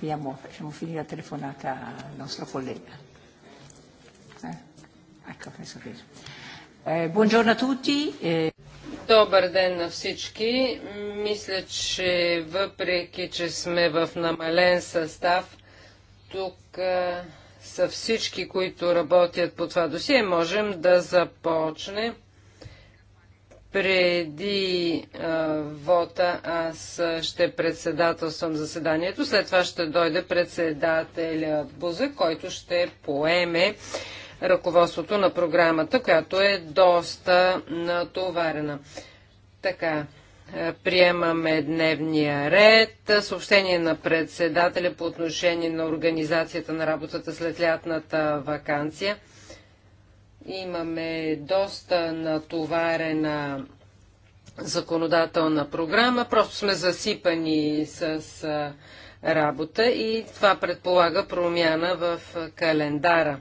Abbiamo, facciamo finire la telefonata al nostro collega. Eh? Ecco, penso che... Eh, buongiorno a tutti. Eh... Добър ден на всички. Мисля, че въпреки, че сме в намален състав, тук е, са всички, които работят по това досие. Можем да започнем преди а, вота аз ще председателствам заседанието. След това ще дойде председателя Буза, който ще поеме ръководството на програмата, която е доста натоварена. Така, приемаме дневния ред. Съобщение на председателя по отношение на организацията на работата след лятната вакансия – Имаме доста натоварена законодателна програма, просто сме засипани с работа и това предполага промяна в календара.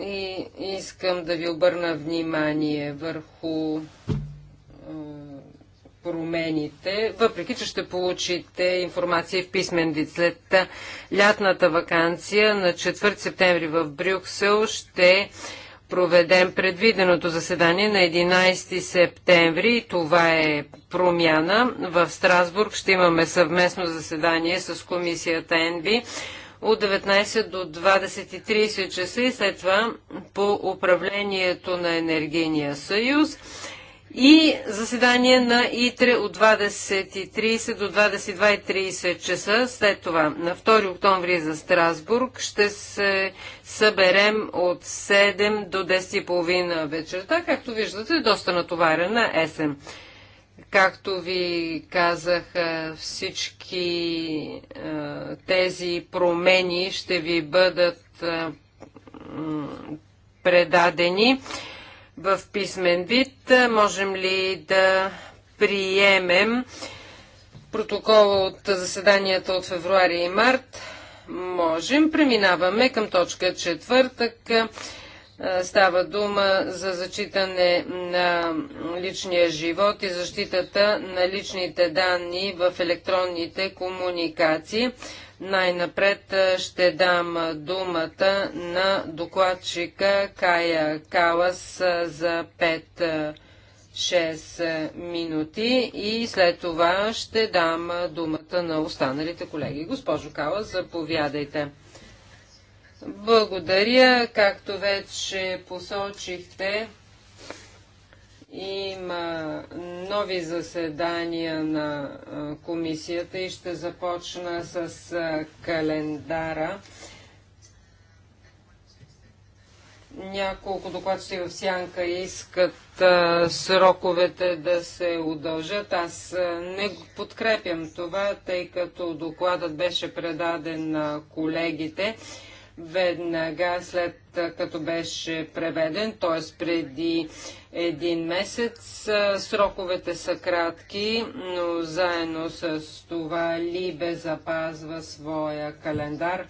И искам да ви обърна внимание върху промените, въпреки че ще получите информация в писмен вид. След лятната вакансия на 4 септември в Брюксел ще проведем предвиденото заседание на 11 септември. Това е промяна. В Страсбург ще имаме съвместно заседание с комисията ЕНБИ от 19 до 20.30 часа и след това по управлението на Енергийния съюз и заседание на ИТРЕ от 20.30 до 22.30 часа. След това на 2 октомври за Страсбург ще се съберем от 7 до 10.30 вечерта. Както виждате, доста натоварена есен. Както ви казах, всички тези промени ще ви бъдат предадени в писмен вид. Можем ли да приемем протокола от заседанията от февруари и март? Можем. Преминаваме към точка четвъртък. Става дума за зачитане на личния живот и защитата на личните данни в електронните комуникации. Най-напред ще дам думата на докладчика Кая Калас за 5-6 минути и след това ще дам думата на останалите колеги. Госпожо Калас, заповядайте. Благодаря, както вече посочихте. Има нови заседания на комисията и ще започна с календара. Няколко докладчици в Сянка искат а, сроковете да се удължат. Аз а, не подкрепям това, тъй като докладът беше предаден на колегите веднага след като беше преведен, т.е. преди един месец. Сроковете са кратки, но заедно с това Либе запазва своя календар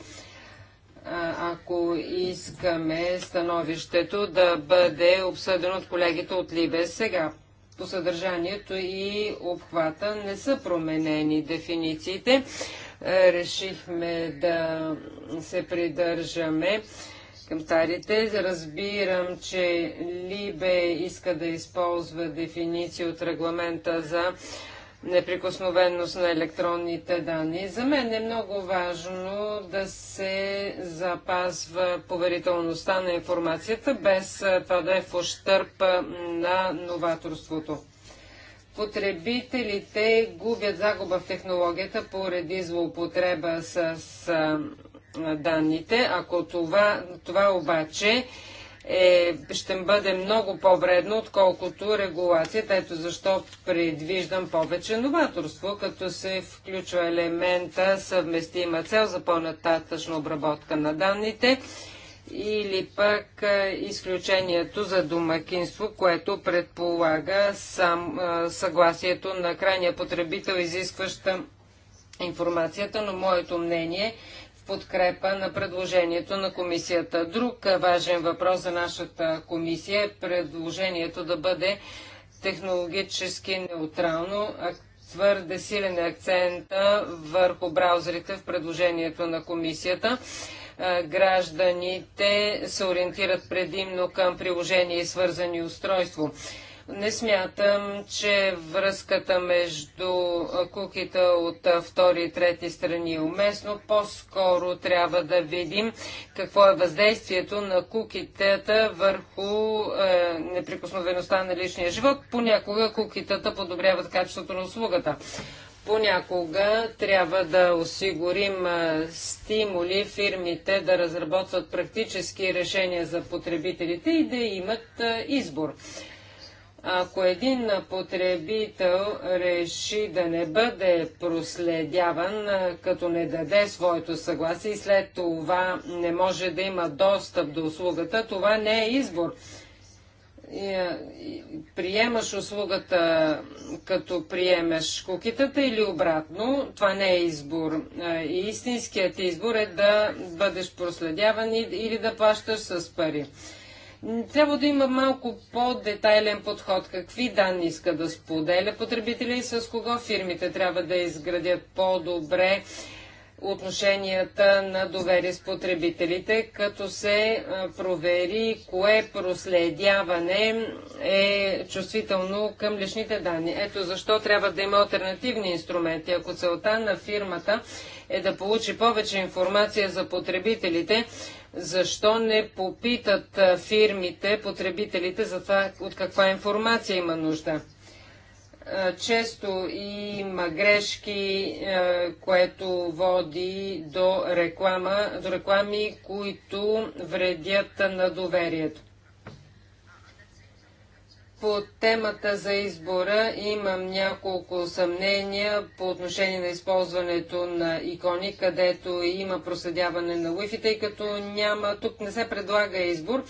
ако искаме становището да бъде обсъдено от колегите от Либе сега. По съдържанието и обхвата не са променени дефинициите. Е, решихме да се придържаме към старите. Разбирам, че Либе иска да използва дефиниция от регламента за неприкосновеност на електронните данни. За мен е много важно да се запазва поверителността на информацията, без е, това да е в ощърп е, на новаторството. Потребителите губят загуба в технологията поради злоупотреба с данните. Ако това, това обаче е, ще бъде много по-вредно, отколкото регулацията. Ето защо предвиждам повече новаторство, като се включва елемента съвместима цел за по-нататъчна обработка на данните или пък изключението за домакинство, което предполага сам, съгласието на крайния потребител, изискваща информацията, но моето мнение е в подкрепа на предложението на комисията. Друг важен въпрос за нашата комисия е предложението да бъде технологически неутрално, твърде силен акцент върху браузерите в предложението на комисията. Е, гражданите се ориентират предимно към приложения и свързани устройство. Не смятам, че връзката между е, куките от е, втори и трети страни е уместно. По-скоро трябва да видим какво е въздействието на кукитата върху е, неприкосновеността на личния живот. Понякога кукитата подобряват качеството на услугата. Понякога трябва да осигурим стимули фирмите да разработват практически решения за потребителите и да имат избор. Ако един потребител реши да не бъде проследяван, като не даде своето съгласие и след това не може да има достъп до услугата, това не е избор. Е, приемаш услугата като приемеш кукитата или обратно. Това не е избор. И е, истинският избор е да бъдеш проследяван или да плащаш с пари. Трябва да има малко по-детайлен подход. Какви данни иска да споделя потребителя и с кого фирмите трябва да изградят по-добре отношенията на доверие с потребителите, като се провери кое проследяване е чувствително към личните данни. Ето защо трябва да има альтернативни инструменти. Ако целта на фирмата е да получи повече информация за потребителите, защо не попитат фирмите, потребителите за това от каква информация има нужда? Е, често има грешки, е, което води до, реклама, до реклами, които вредят на доверието. По темата за избора имам няколко съмнения по отношение на използването на икони, където има проследяване на Wi-Fi, тъй като няма, тук не се предлага избор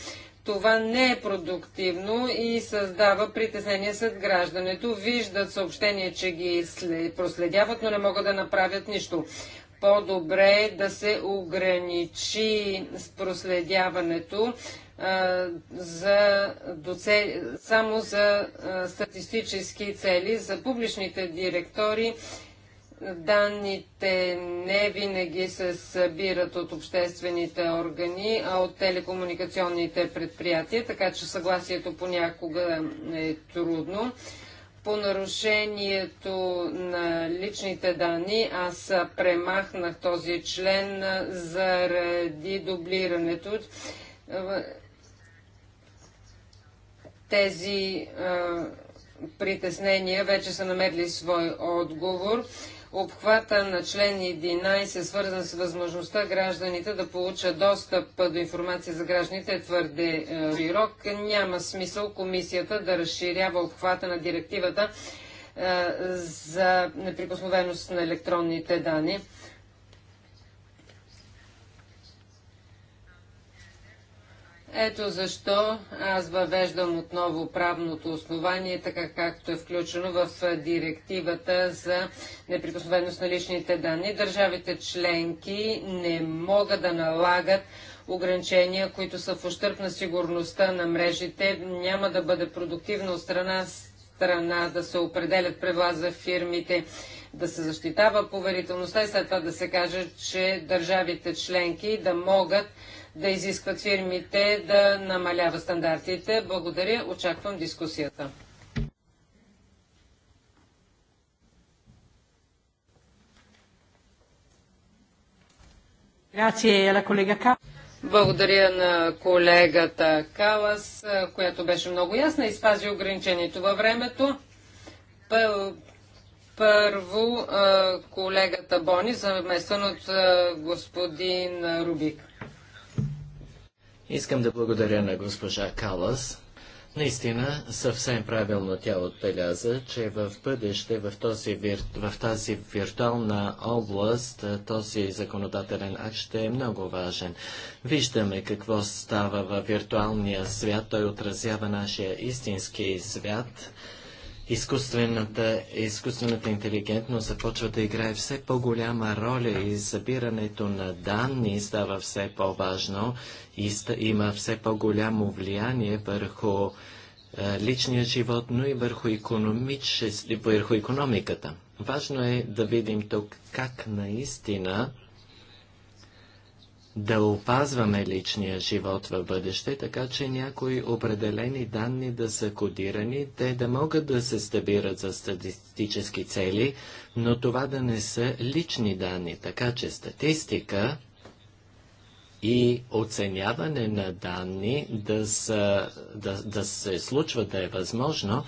това не е продуктивно и създава притеснение сред граждането. Виждат съобщение, че ги проследяват, но не могат да направят нищо. По-добре е да се ограничи с проследяването а, за, доцели, само за а, статистически цели. За публичните директори Данните не винаги се събират от обществените органи, а от телекомуникационните предприятия, така че съгласието понякога е трудно. По нарушението на личните данни аз премахнах този член заради дублирането. Тези притеснения вече са намерили свой отговор обхвата на член 11, свързан с възможността гражданите да получат достъп до информация за гражданите, е твърде е, широк. Няма смисъл комисията да разширява обхвата на директивата е, за неприкосновеност на електронните данни. Ето защо аз въвеждам отново правното основание, така както е включено в директивата за неприкосновеност на личните данни. Държавите членки не могат да налагат ограничения, които са в ущърп на сигурността на мрежите. Няма да бъде продуктивна от страна страна да се определят правила за фирмите, да се защитава поверителността и след това да се каже, че държавите членки да могат да изискват фирмите да намалява стандартите. Благодаря. Очаквам дискусията. Grazie alla collega K. Благодаря на колегата Калас, която беше много ясна и спази ограничението във времето. Първо колегата Бони, заместен от господин Рубик. Искам да благодаря на госпожа Калас Наистина, съвсем правилно тя отбеляза, че в бъдеще, в, този вир... в тази виртуална област, този законодателен акт ще е много важен. Виждаме какво става в виртуалния свят, той отразява нашия истински свят изкуствената, изкуствената интелигентност започва да играе все по-голяма роля и събирането на данни става все по-важно и има все по-голямо влияние върху е, личния живот, но и върху, върху економиката. Важно е да видим тук как наистина да опазваме личния живот в бъдеще, така че някои определени данни да са кодирани, те да могат да се стабират за статистически цели, но това да не са лични данни, така че статистика и оценяване на данни да, са, да, да се случва да е възможно,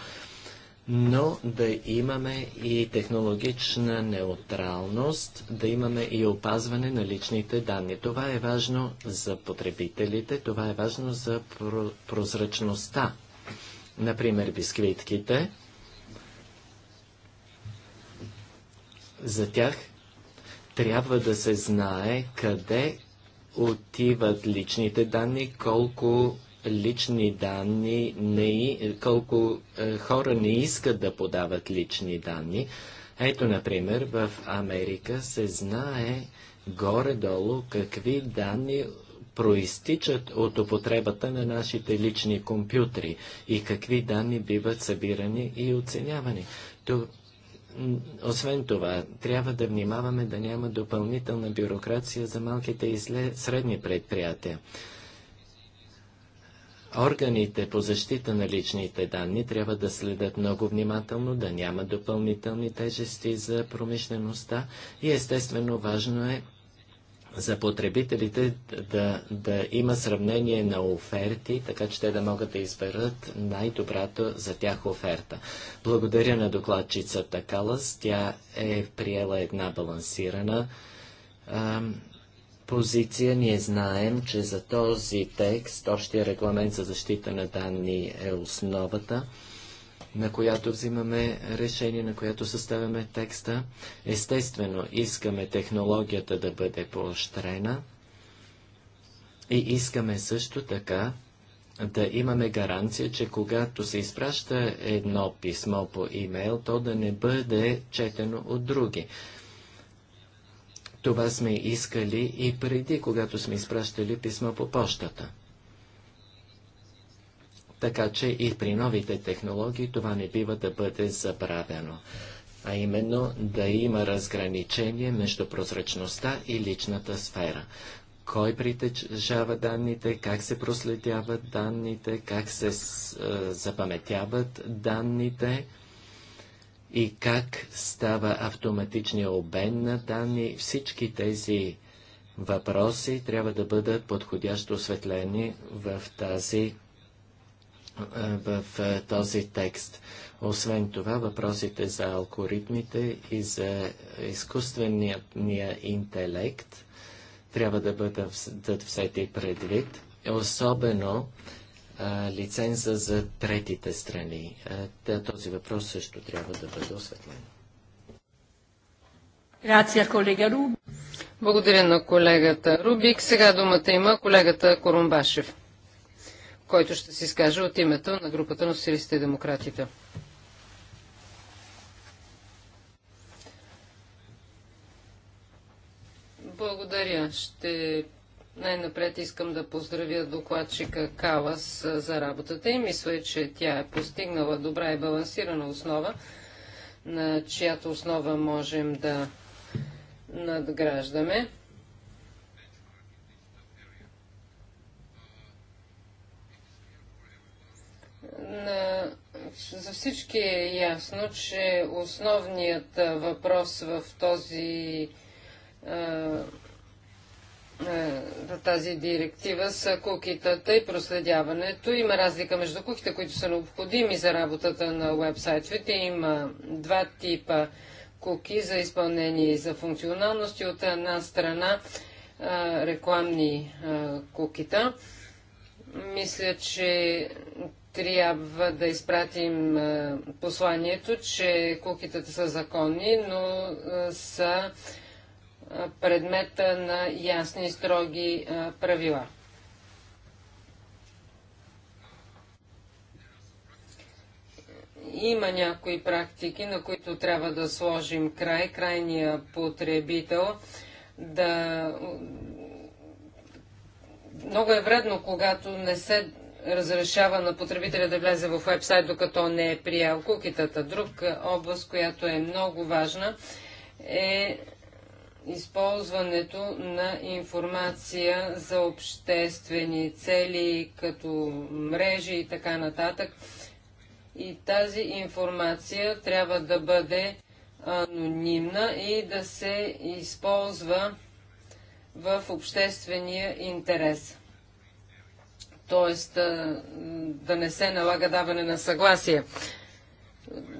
но да имаме и технологична неутралност, да имаме и опазване на личните данни. Това е важно за потребителите, това е важно за прозрачността. Например, бисквитките. За тях трябва да се знае къде отиват личните данни, колко лични данни, не, колко е, хора не искат да подават лични данни. Ето, например, в Америка се знае горе-долу какви данни проистичат от употребата на нашите лични компютри и какви данни биват събирани и оценявани. То, освен това, трябва да внимаваме да няма допълнителна бюрокрация за малките и средни предприятия. Органите по защита на личните данни трябва да следят много внимателно, да няма допълнителни тежести за промишлеността и естествено важно е за потребителите да, да има сравнение на оферти, така че те да могат да изберат най-добрата за тях оферта. Благодаря на докладчицата Калас. Тя е приела една балансирана ам, позиция ние знаем, че за този текст общия регламент за защита на данни е основата, на която взимаме решение, на която съставяме текста. Естествено, искаме технологията да бъде поощрена и искаме също така да имаме гаранция, че когато се изпраща едно писмо по имейл, то да не бъде четено от други. Това сме искали и преди, когато сме изпращали писма по почтата. Така че и при новите технологии това не бива да бъде забравено, а именно да има разграничение между прозрачността и личната сфера. Кой притежава данните, как се проследяват данните, как се е, запаметяват данните – и как става автоматичния обмен на данни, всички тези въпроси трябва да бъдат подходящо осветлени в тази в този текст. Освен това, въпросите за алгоритмите и за изкуствения интелект трябва да бъдат взети предвид, особено лиценза за третите страни. този въпрос също трябва да бъде осветлен. Благодаря на колегата Рубик. Сега думата има колегата Корумбашев, който ще се изкаже от името на групата на социалистите и демократите. Благодаря. Ще най-напред искам да поздравя докладчика Калас за работата и мисля, че тя е постигнала добра и балансирана основа, на чиято основа можем да надграждаме. На... За всички е ясно, че основният въпрос в този в е, тази директива са кукитата и проследяването. Има разлика между куките, които са необходими за работата на вебсайтовете. Има два типа куки за изпълнение и за функционалности. От една страна е, рекламни е, кукита. Мисля, че трябва да изпратим посланието, че кукитата са законни, но са предмета на ясни и строги правила. Има някои практики, на които трябва да сложим край, крайния потребител да много е вредно, когато не се разрешава на потребителя да влезе в вебсайт, докато не е приял кукитата. Друг област, която е много важна, е използването на информация за обществени цели, като мрежи и така нататък. И тази информация трябва да бъде анонимна и да се използва в обществения интерес. Тоест да не се налага даване на съгласие.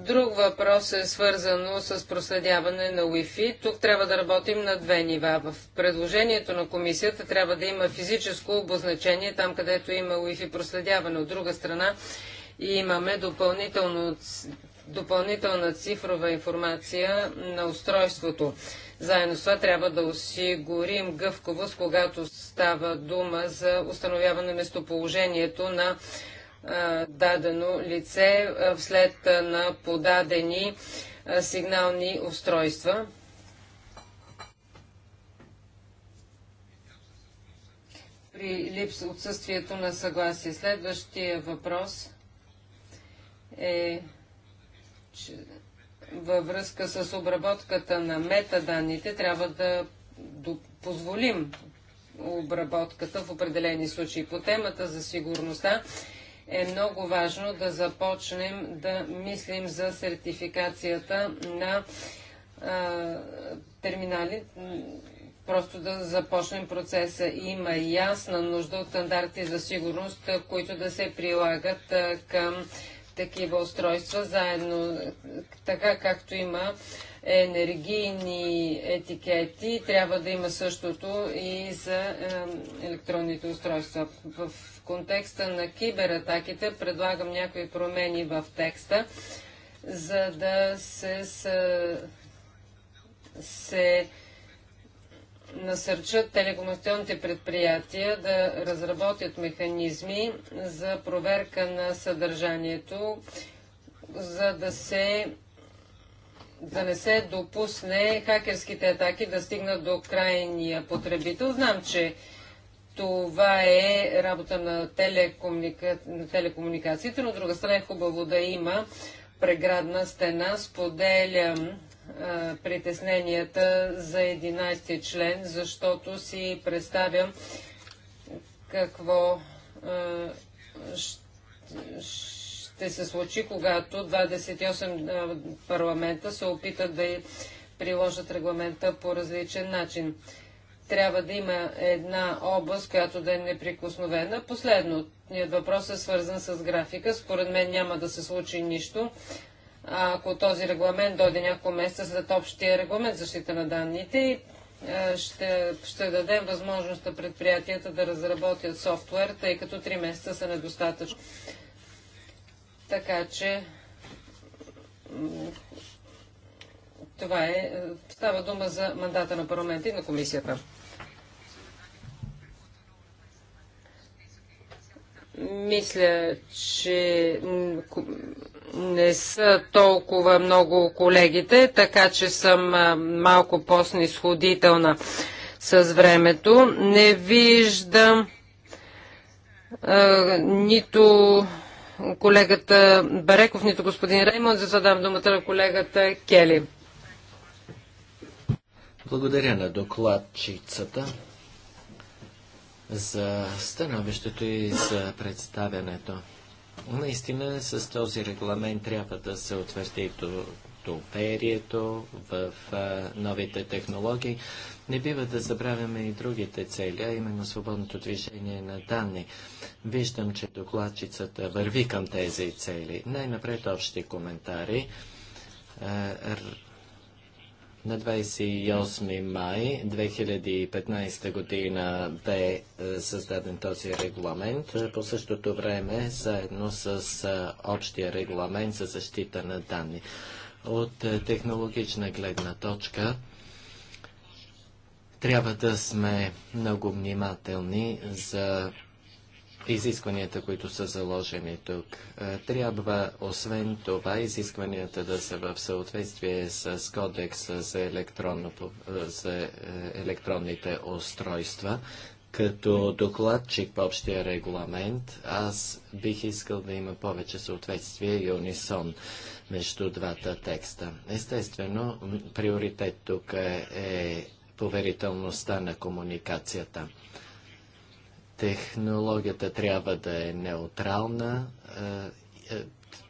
Друг въпрос е свързано с проследяване на Wi-Fi. Тук трябва да работим на две нива. В предложението на комисията трябва да има физическо обозначение там, където има Wi-Fi проследяване. От друга страна имаме допълнителна цифрова информация на устройството. Заедно с това трябва да осигурим гъвковост, когато става дума за установяване местоположението на е, дадено лице е, след е, на подадени сигнални устройства. При липс отсъствието на съгласие. Следващия въпрос е че във връзка с обработката на метаданните трябва да позволим обработката в определени случаи. По темата за сигурността е много важно да започнем да мислим за сертификацията на а, терминали, просто да започнем процеса. Има ясна нужда от стандарти за сигурност, които да се прилагат а, към такива устройства, заедно така както има енергийни етикети, трябва да има същото и за е, електронните устройства. В контекста на кибератаките предлагам някои промени в текста, за да се, се, се насърчат телекомуникационните предприятия да разработят механизми за проверка на съдържанието, за да се да не се допусне хакерските атаки да стигнат до крайния потребител. Знам, че това е работа на, телекомуника... на телекомуникациите, но от друга страна е хубаво да има преградна стена. Споделям а, притесненията за 11 член, защото си представям какво а, ще се случи, когато 28 парламента се опитат да приложат регламента по различен начин трябва да има една област, която да е неприкосновена. Последният въпрос е свързан с графика. Според мен няма да се случи нищо, ако този регламент дойде няколко месеца след общия регламент защита на данните и е, ще, ще дадем възможност на предприятията да разработят софтуер, тъй като 3 месеца са недостатъчно. Така че това е, е. Става дума за мандата на парламента и на комисията. Мисля, че не са толкова много колегите, така че съм малко по-снисходителна с времето. Не виждам а, нито колегата Бареков, нито господин Реймон, за задам думата на колегата Кели. Благодаря на докладчицата за становището и за представянето. Наистина с този регламент трябва да се утвърди доверието в а, новите технологии. Не бива да забравяме и другите цели, а именно свободното движение на данни. Виждам, че докладчицата върви към тези цели. Най-напред общи коментари. На 28 май 2015 година бе е, създаден този регламент. По същото време, заедно с е, общия регламент за защита на данни. От е, технологична гледна точка, трябва да сме много внимателни за изискванията, които са заложени тук. Е, трябва, освен това, изискванията да са в съответствие с кодекса за, електронно, е, за е, електронните устройства. Като докладчик по общия регламент, аз бих искал да има повече съответствие и унисон между двата текста. Естествено, приоритет тук е поверителността на комуникацията. Технологията трябва да е неутрална. Е, е,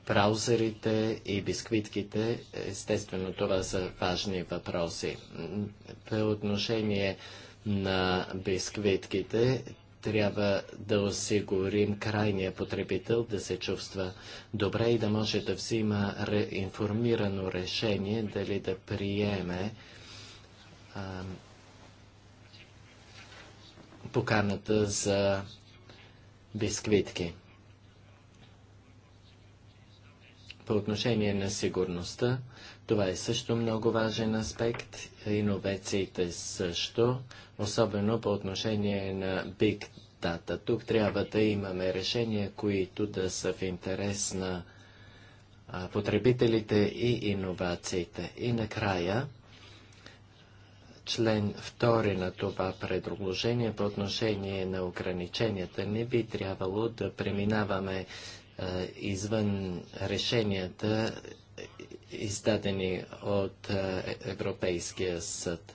Браузерите и бисквитките, естествено, това са важни въпроси. По отношение на бисквитките, трябва да осигурим крайния потребител да се чувства добре и да може да взима информирано решение дали да приеме а, поканата за бисквитки. По отношение на сигурността, това е също много важен аспект. Иновациите също, особено по отношение на Big Data. Тук трябва да имаме решения, които да са в интерес на потребителите и иновациите. И накрая, член 2 на това предложение по отношение на ограниченията. Не би трябвало да преминаваме е, извън решенията, издадени от е, Европейския съд.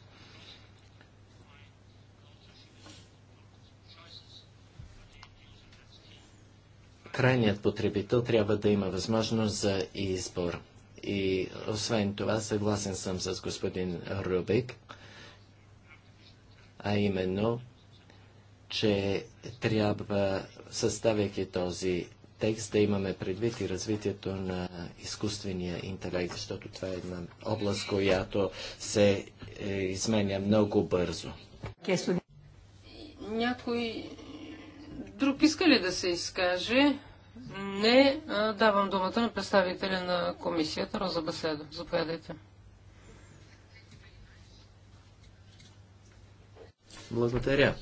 Крайният потребител трябва да има възможност за избор. И освен това, съгласен съм с господин Рубик, а именно, че трябва, съставяйки този текст, да имаме предвид и развитието на изкуствения интелект, защото това е една област, която се е, изменя много бързо. Някой друг иска ли да се изкаже? Не. Давам думата на представителя на комисията Роза Баседо. Заповядайте. Благодаря.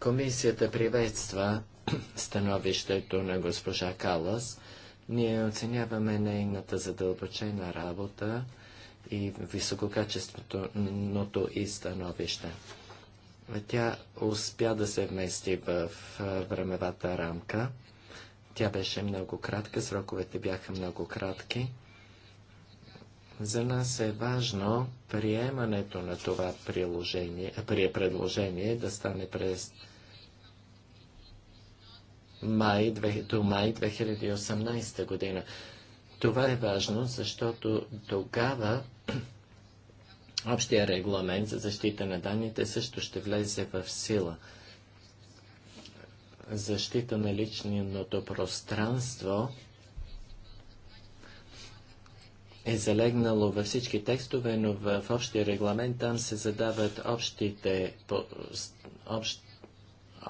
Комисията приветства становището на госпожа Калас. Ние оценяваме нейната задълбочена работа и висококачественото и становище. Тя успя да се вмести в времевата рамка. Тя беше много кратка, сроковете бяха много кратки. За нас е важно приемането на това приложение, предложение да стане през май, до май 2018 година. Това е важно, защото тогава общия регламент за защита на данните също ще влезе в сила. Защита на личното пространство е залегнало във всички текстове, но в, общия регламент там се задават общите, общ,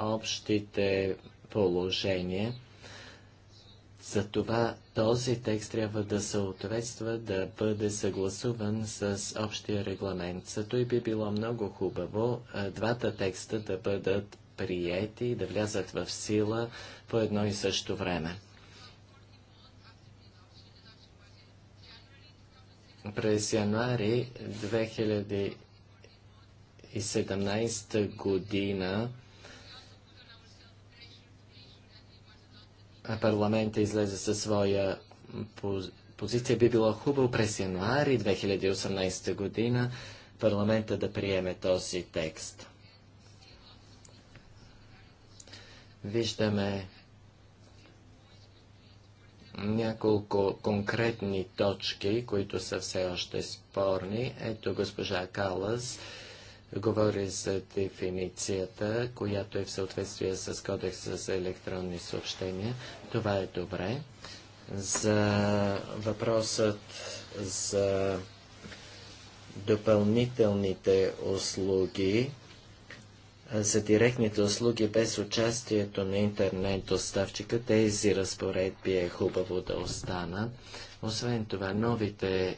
общите положения. Затова този текст трябва да съответства, да бъде съгласуван с общия регламент. Зато и би било много хубаво двата текста да бъдат приети и да влязат в сила по едно и също време. През януари 2017 година парламента излезе със своя позиция. Би било хубаво през януари 2018 година парламента да приеме този текст. Виждаме няколко конкретни точки, които са все още спорни. Ето госпожа Калас говори за дефиницията, която е в съответствие с кодекса за електронни съобщения. Това е добре. За въпросът за допълнителните услуги, за директните услуги без участието на интернет доставчика, тези разпоредби е хубаво да останат. Освен това, новите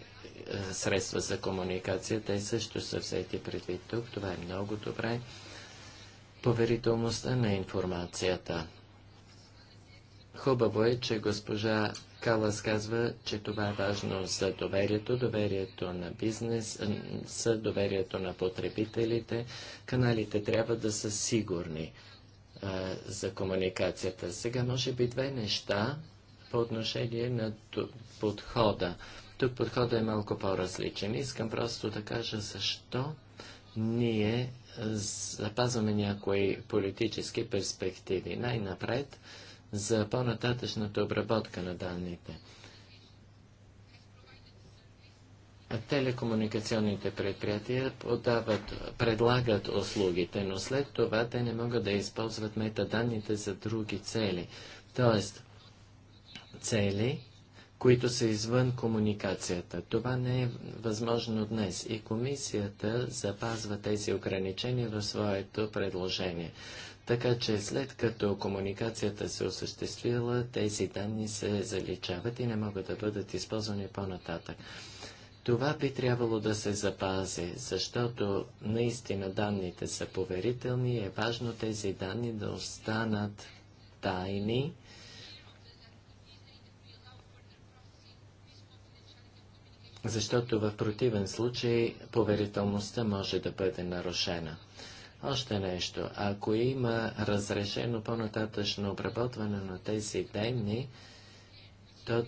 средства за комуникация, те също са взети предвид тук. Това е много добре. Поверителността на информацията. Хубаво е, че госпожа Калас казва, че това е важно за доверието, доверието на бизнес, за доверието на потребителите. Каналите трябва да са сигурни а, за комуникацията. Сега може би две неща по отношение на подхода. Тук подхода е малко по-различен. Искам просто да кажа защо ние запазваме някои политически перспективи. Най-напред, за по-нататъчната обработка на данните. Телекомуникационните предприятия подават, предлагат услугите, но след това те не могат да използват метаданните за други цели, т.е. цели, които са извън комуникацията. Това не е възможно днес и комисията запазва тези ограничения в своето предложение. Така че след като комуникацията се осъществила, тези данни се заличават и не могат да бъдат използвани по-нататък. Това би трябвало да се запази, защото наистина данните са поверителни и е важно тези данни да останат тайни. Защото в противен случай поверителността може да бъде нарушена. Още нещо. Ако има разрешено по-нататъчно обработване на тези данни, то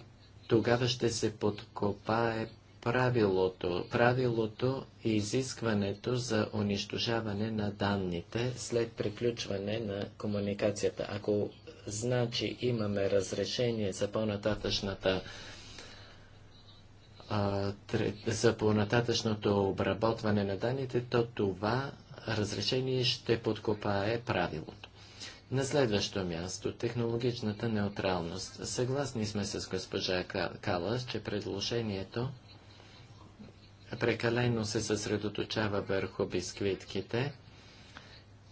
тогава ще се подкопае правилото, правилото и изискването за унищожаване на данните след приключване на комуникацията. Ако значи имаме разрешение за по-нататъчната за по-нататъчното обработване на данните, то това разрешение ще подкопае правилото. На следващо място – технологичната неутралност. Съгласни сме с госпожа Калас, че предложението прекалено се съсредоточава върху бисквитките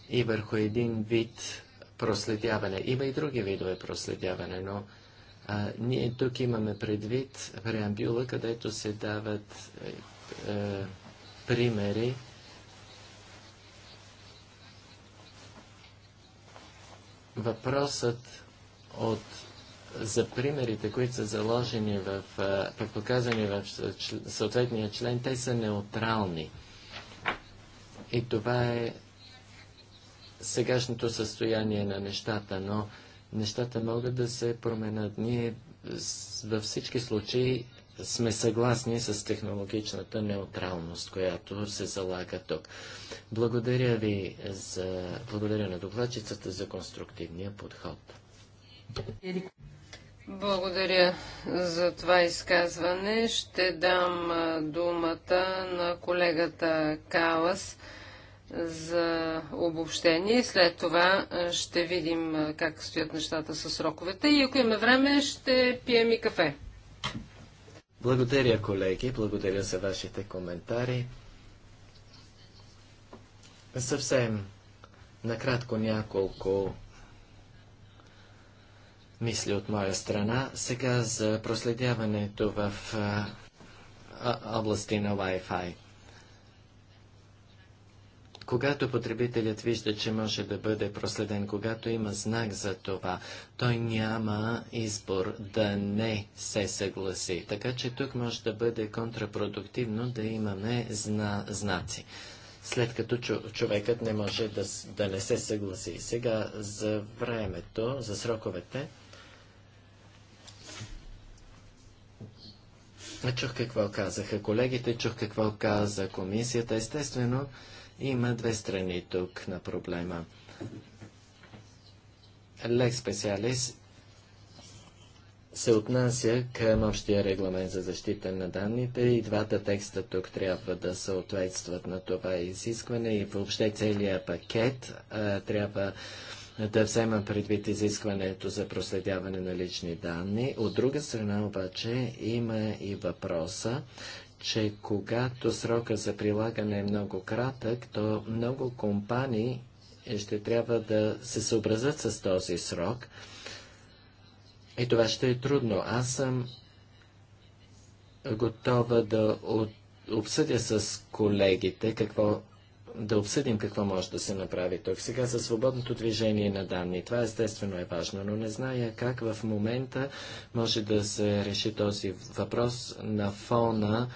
и върху един вид проследяване. Има и други видове проследяване, но а, ние тук имаме предвид преамбюла, където се дават е, е примери въпросът от, за примерите, които са заложени в, показани в съответния член, те са неутрални. И това е сегашното състояние на нещата, но нещата могат да се променят. Ние във всички случаи сме съгласни с технологичната неутралност, която се залага тук. Благодаря ви за... Благодаря на докладчицата за конструктивния подход. Благодаря за това изказване. Ще дам думата на колегата Калас за обобщение. След това ще видим как стоят нещата с сроковете и ако има време, ще пием и кафе. Благодаря, колеги. Благодаря за вашите коментари. Съвсем накратко няколко мисли от моя страна. Сега за проследяването в а, области на Wi-Fi. Когато потребителят вижда, че може да бъде проследен, когато има знак за това, той няма избор да не се съгласи. Така че тук може да бъде контрапродуктивно да имаме зна знаци след като човекът не може да, да не се съгласи. Сега за времето, за сроковете. Чух какво казаха колегите, чух какво каза комисията. Естествено, има две страни тук на проблема. Лек специалист се отнася към общия регламент за защита на данните и двата текста тук трябва да съответстват на това изискване и въобще целият пакет а, трябва да взема предвид изискването за проследяване на лични данни. От друга страна обаче има и въпроса че когато срока за прилагане е много кратък, то много компании ще трябва да се съобразят с този срок. И това ще е трудно. Аз съм готова да от... обсъдя с колегите какво да обсъдим какво може да се направи тук. Сега за свободното движение на данни. Това естествено е важно, но не зная как в момента може да се реши този въпрос на фона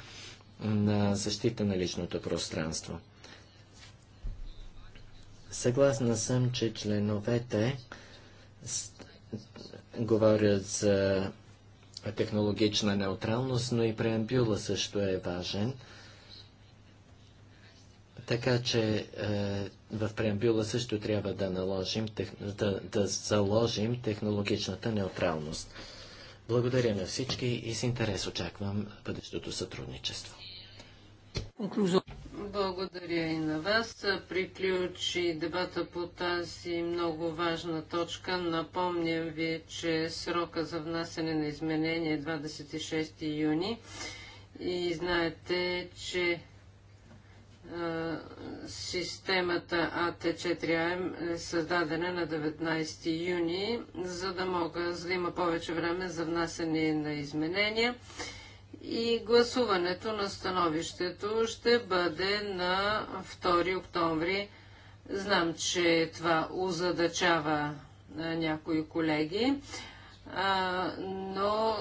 на защита на личното пространство. Съгласна съм, че членовете говорят за технологична неутралност, но и преамбюла също е важен – така че е, в преамбюла също трябва да, наложим, тех, да, да заложим технологичната неутралност. Благодаря на всички и с интерес очаквам бъдещото сътрудничество. Благодаря и на вас. Приключи дебата по тази много важна точка. Напомням ви, че срока за внасяне на изменение е 26 юни и знаете, че е, системата АТ4АМ е създадена на 19 юни, за да мога, за да има повече време за внасяне на изменения. И гласуването на становището ще бъде на 2 октомври. Знам, че това озадачава е, някои колеги но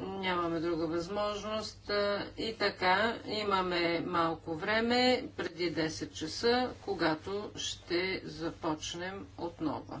нямаме друга възможност. И така, имаме малко време преди 10 часа, когато ще започнем отново.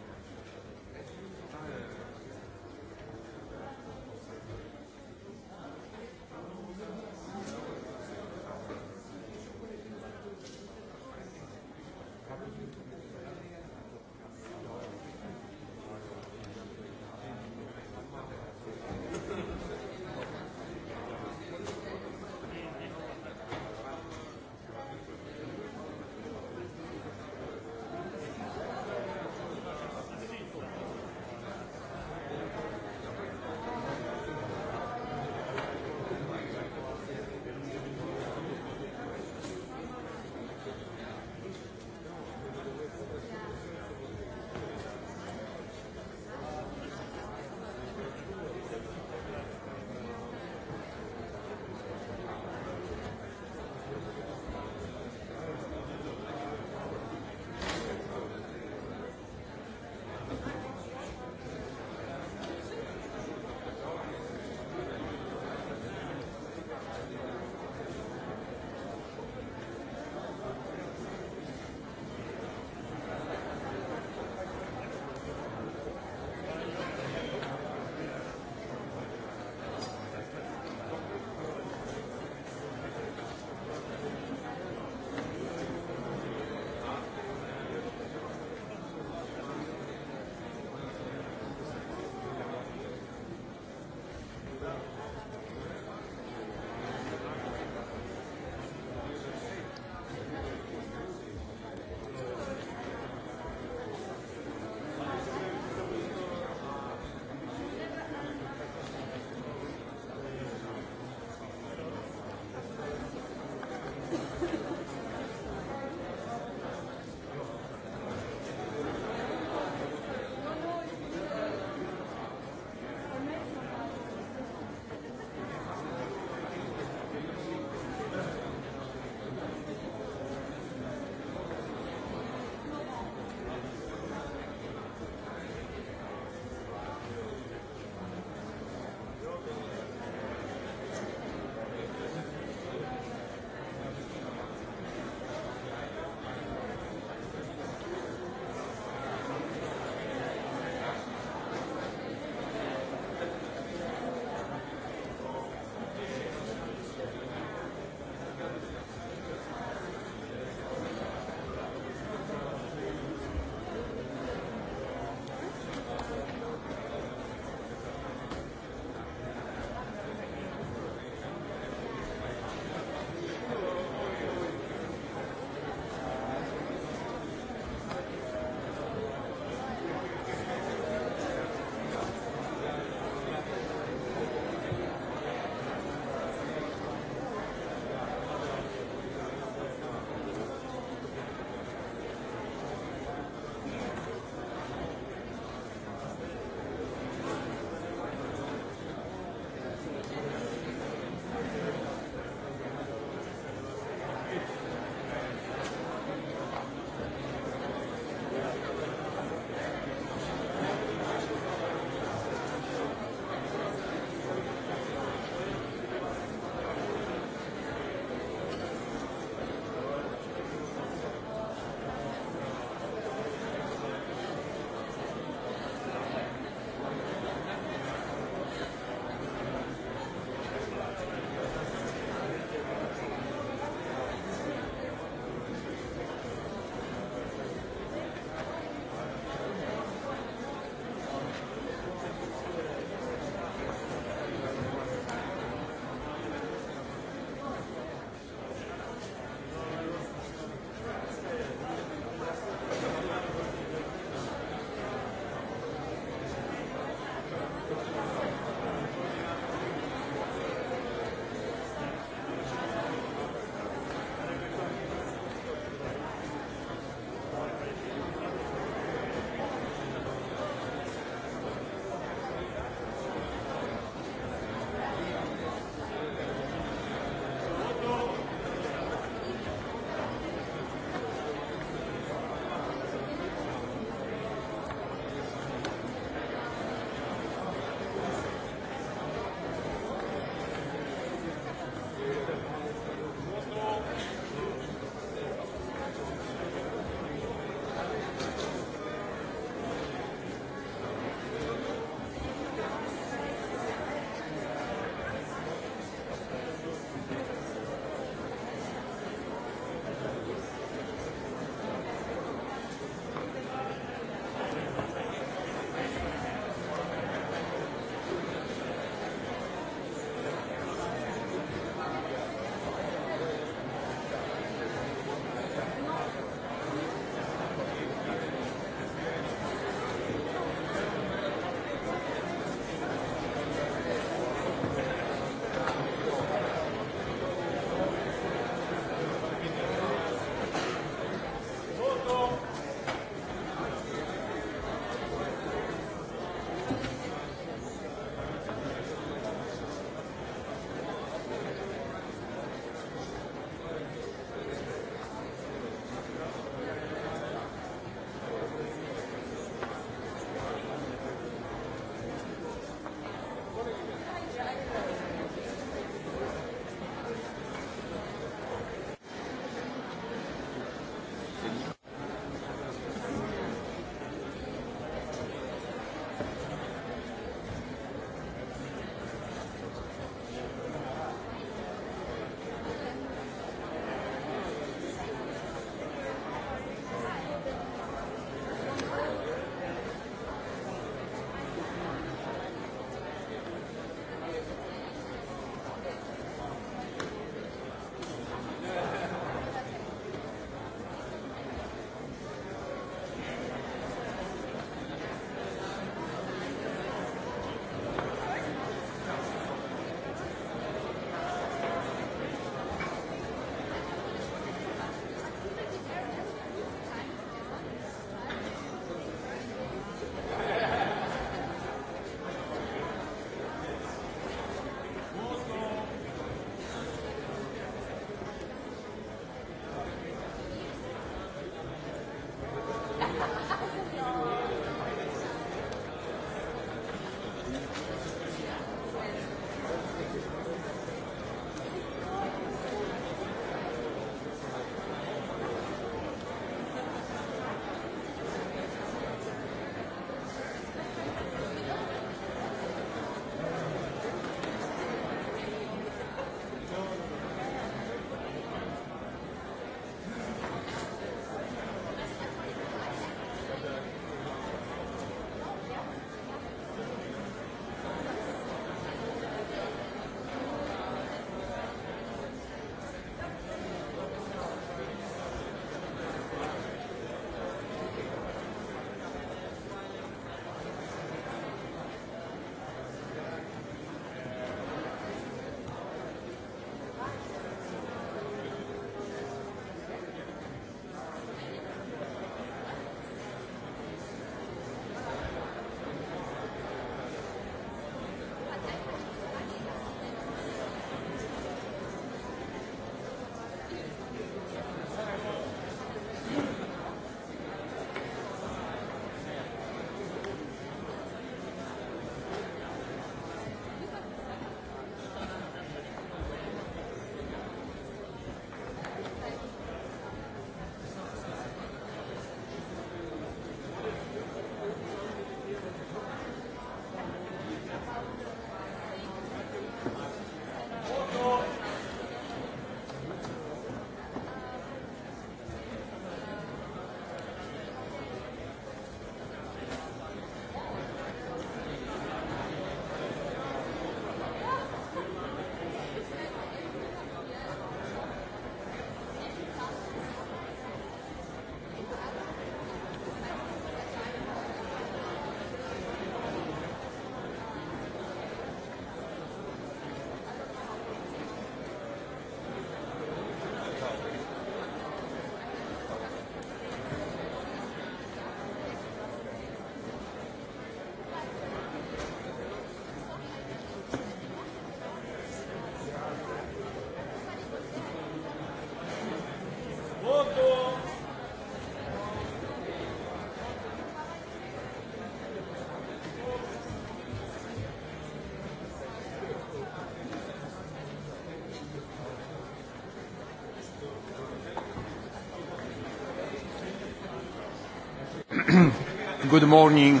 Good morning,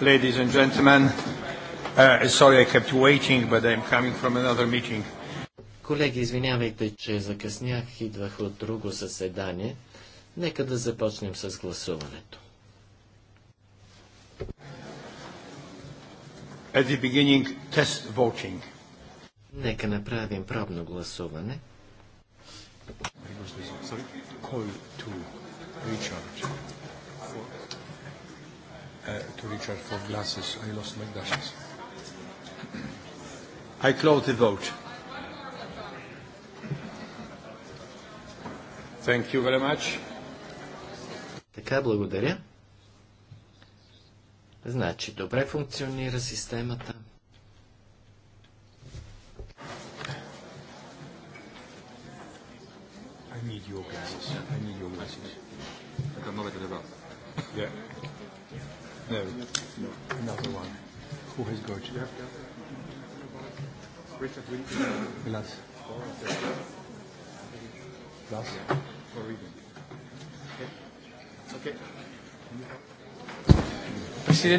ladies and gentlemen. sorry I kept waiting, but I'm coming from another meeting. Колеги, извинявайте, че закъснях, идвах от друго заседание. Нека да започнем с гласуването. At the beginning, test voting. Нека направим пробно гласуване. Sorry? Call to recharge to Richard for glasses. I lost my glasses. I close the vote. Thank you very much. Така, благодаря. Значи, добре функционира системата.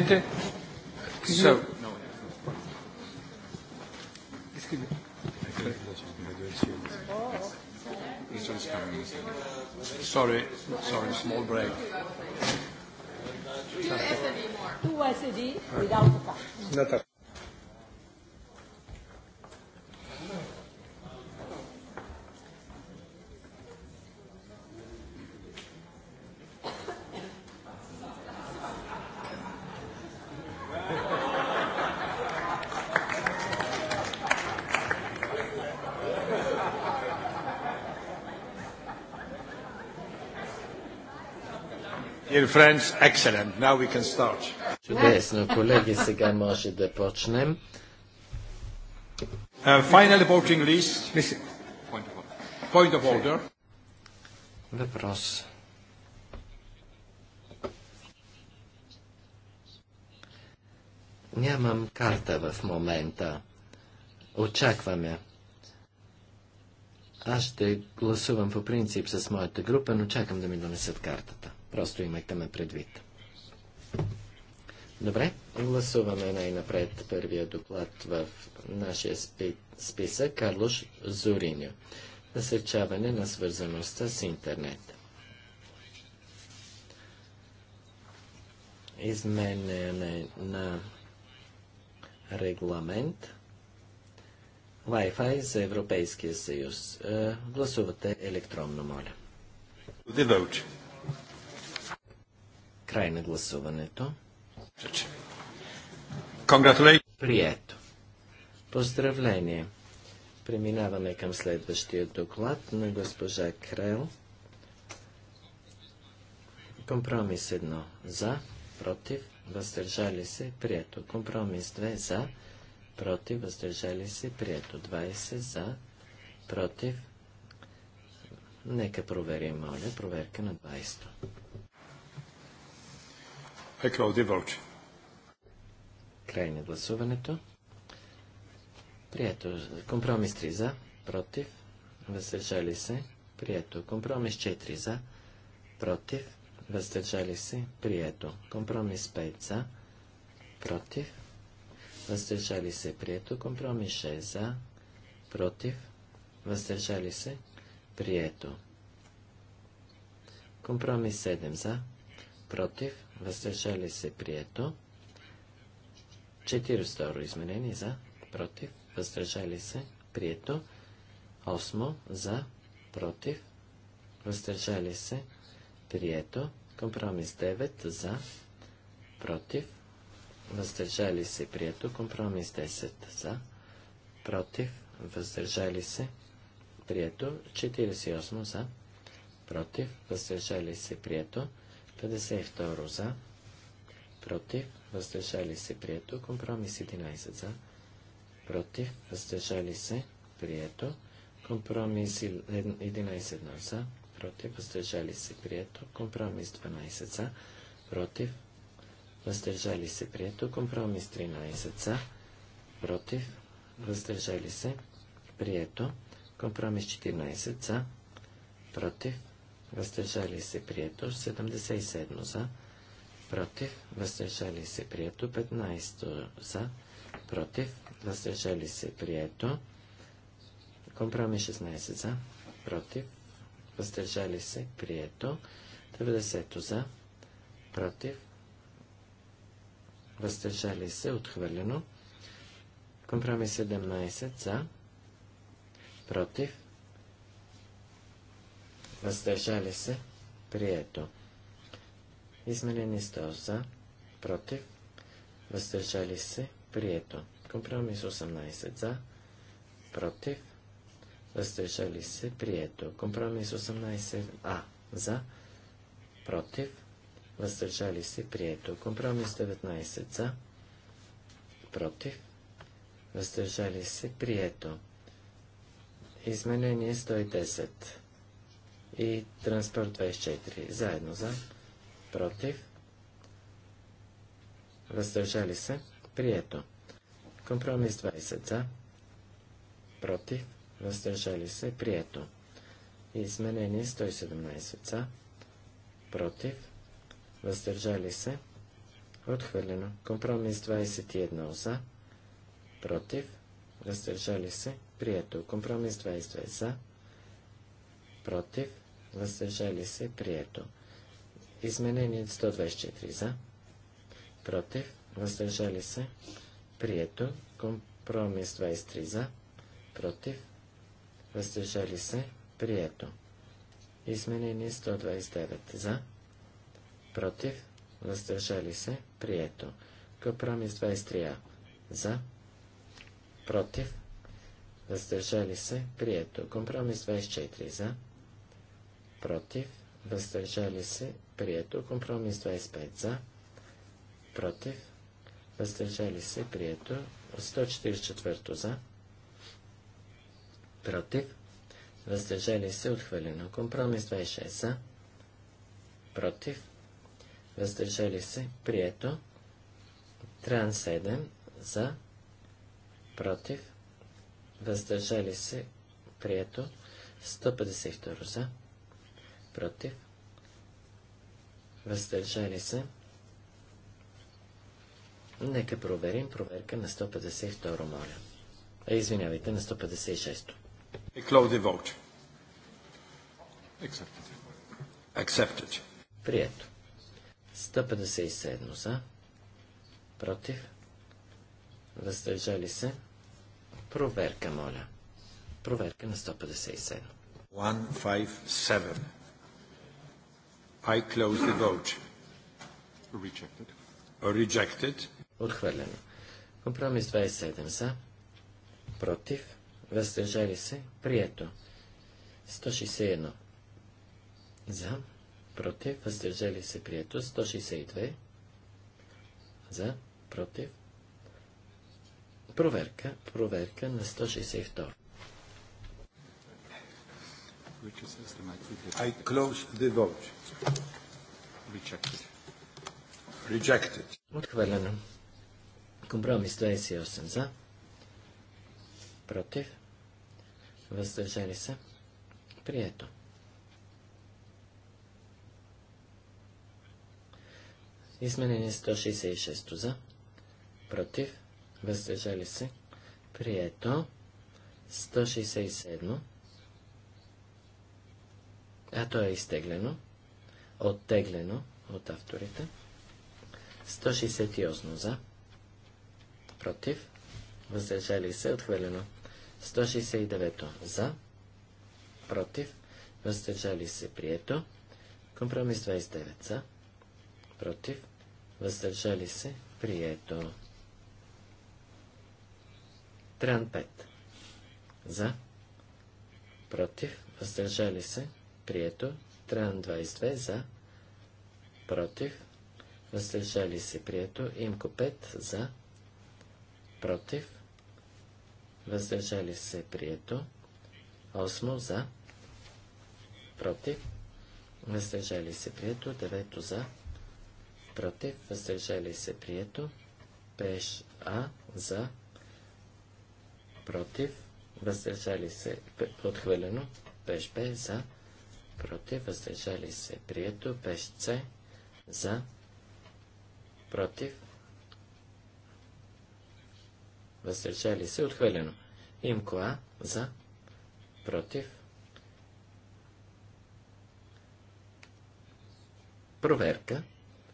presidente. In French, excellent. Now we can start. Чудесно, колеги, сега може да почнем. Uh, final voting list. Point of, order. Въпрос. Нямам карта в момента. Очакваме. Аз ще гласувам по принцип с моята група, но чакам да ми донесат картата. Просто имайте ме предвид. Добре, гласуваме най-напред първия доклад в нашия списък Карлош Зориньо. Насърчаване на свързаността с интернет. Изменяне на регламент Wi-Fi за Европейския съюз. Е, гласувате електронно, моля. The vote. Край на гласуването. Прието. Поздравление. Преминаваме към следващия доклад на госпожа Крел. Компромис 1. За. Против. Въздържали се. Прието. Компромис 2. За. Против. Въздържали се. Прието. 20. За. Против. Нека проверим, моля. Проверка на 20. I call the vote. Край на гласуването. Прието. Компромис 3 за, против, въздържали се. Прието. Компромис 4 за, против, въздържали се. Прието. Компромис 5 за, против, въздържали се. Прието. Компромис 6 за, против, въздържали се. Прието. Компромис 7 за, против, въздържали се, прието. 42 изменение за, против, въздържали се, прието. 8 за, против, въздържали се, прието. Компромис 9 за, против, въздържали се, прието. Компромис 10 за, против, въздържали се, прието. 48 за, против, въздържали се, прието. 52 за, против, въздържали се, прието. Компромис 11 за, против, въздържали се, прието. Компромис 11 за, против, въздържали се, прието. Компромис 12 за, против, въздържали се, прието. Компромис 13 за, против, въздържали се, прието. Компромис 14 за, против, въздържали се прието, 77 за, против, въздържали се прието, 15 за, против, въздържали се прието, компромис 16 за, против, въздържали се прието, 90 за, против, въздържали се отхвърлено, компромис 17 за, против, въздържали се, прието. Изменени 100 за, против, въздържали се, прието. Компромис 18 за, против, въздържали се, прието. Компромис 18а за, против, въздържали се, прието. Компромис 19 за, против, въздържали се, прието. Изменение 110 и Транспорт 24. Заедно за, против, въздържали се, прието. Компромис 20 за, против, въздържали се, прието. Изменение 117 за, против, въздържали се, отхвърлено. Компромис 21 за, против, въздържали се, прието. Компромис 22 за, против, въздържали се, прието. Изменение 124 за, против, въздържали се, прието. Компромис 23 за, против, въздържали се, прието. Изменение 129 за, против, въздържали се, прието. Компромис 23а за, против, въздържали се, прието. Компромис 24 за, против, въздържали се, прието. Компромис 25 за, против, въздържали се, прието. 144 за, против, въздържали се, отхвърлено. Компромис 26 за, против, въздържали се, прието. Тран 7 за, против, въздържали се, прието. 152 за, против, въздържали се. Нека проверим проверка на 152, моля. А, извинявайте, на 156. I close the vote. Accepted. Прието. 157 за. Против. Въздържали се. Проверка, моля. Проверка на 157. 157. I close the vote. Rejected. Rejected. Отхвърлено. Компромис 27 за. Против. Въздържали се. Прието. 161. За. Против. Въздържали се. Прието. 162. За. Против. Проверка. Проверка на 162. I close the vote. Rejected. Rejected. Отхвърлено. Компромис 28 за. Против. Въздържали се. Прието. Изменение 166 за. Против. Въздържали се. Прието. 167. А то е изтеглено. Оттеглено от авторите. 168 за. Против. Въздържали се. Отхвърлено. 169 за. Против. Въздържали се. Прието. Компромис 29 за. Против. Въздържали се. Прието. Тран 5. За. Против. Въздържали се. Прието. Тран 22 за, против, въздържали се прието. Имко 5 за, против, въздържали се прието. 8 за, против, въздържали се прието. 9 за, против, въздържали се прието. Пеш А за, против, въздържали се отхвърлено. Пеш Б за, против против, въздържали се, прието, без С, за, против, въздържали се, отхвърлено. Имко А, за, против. Проверка,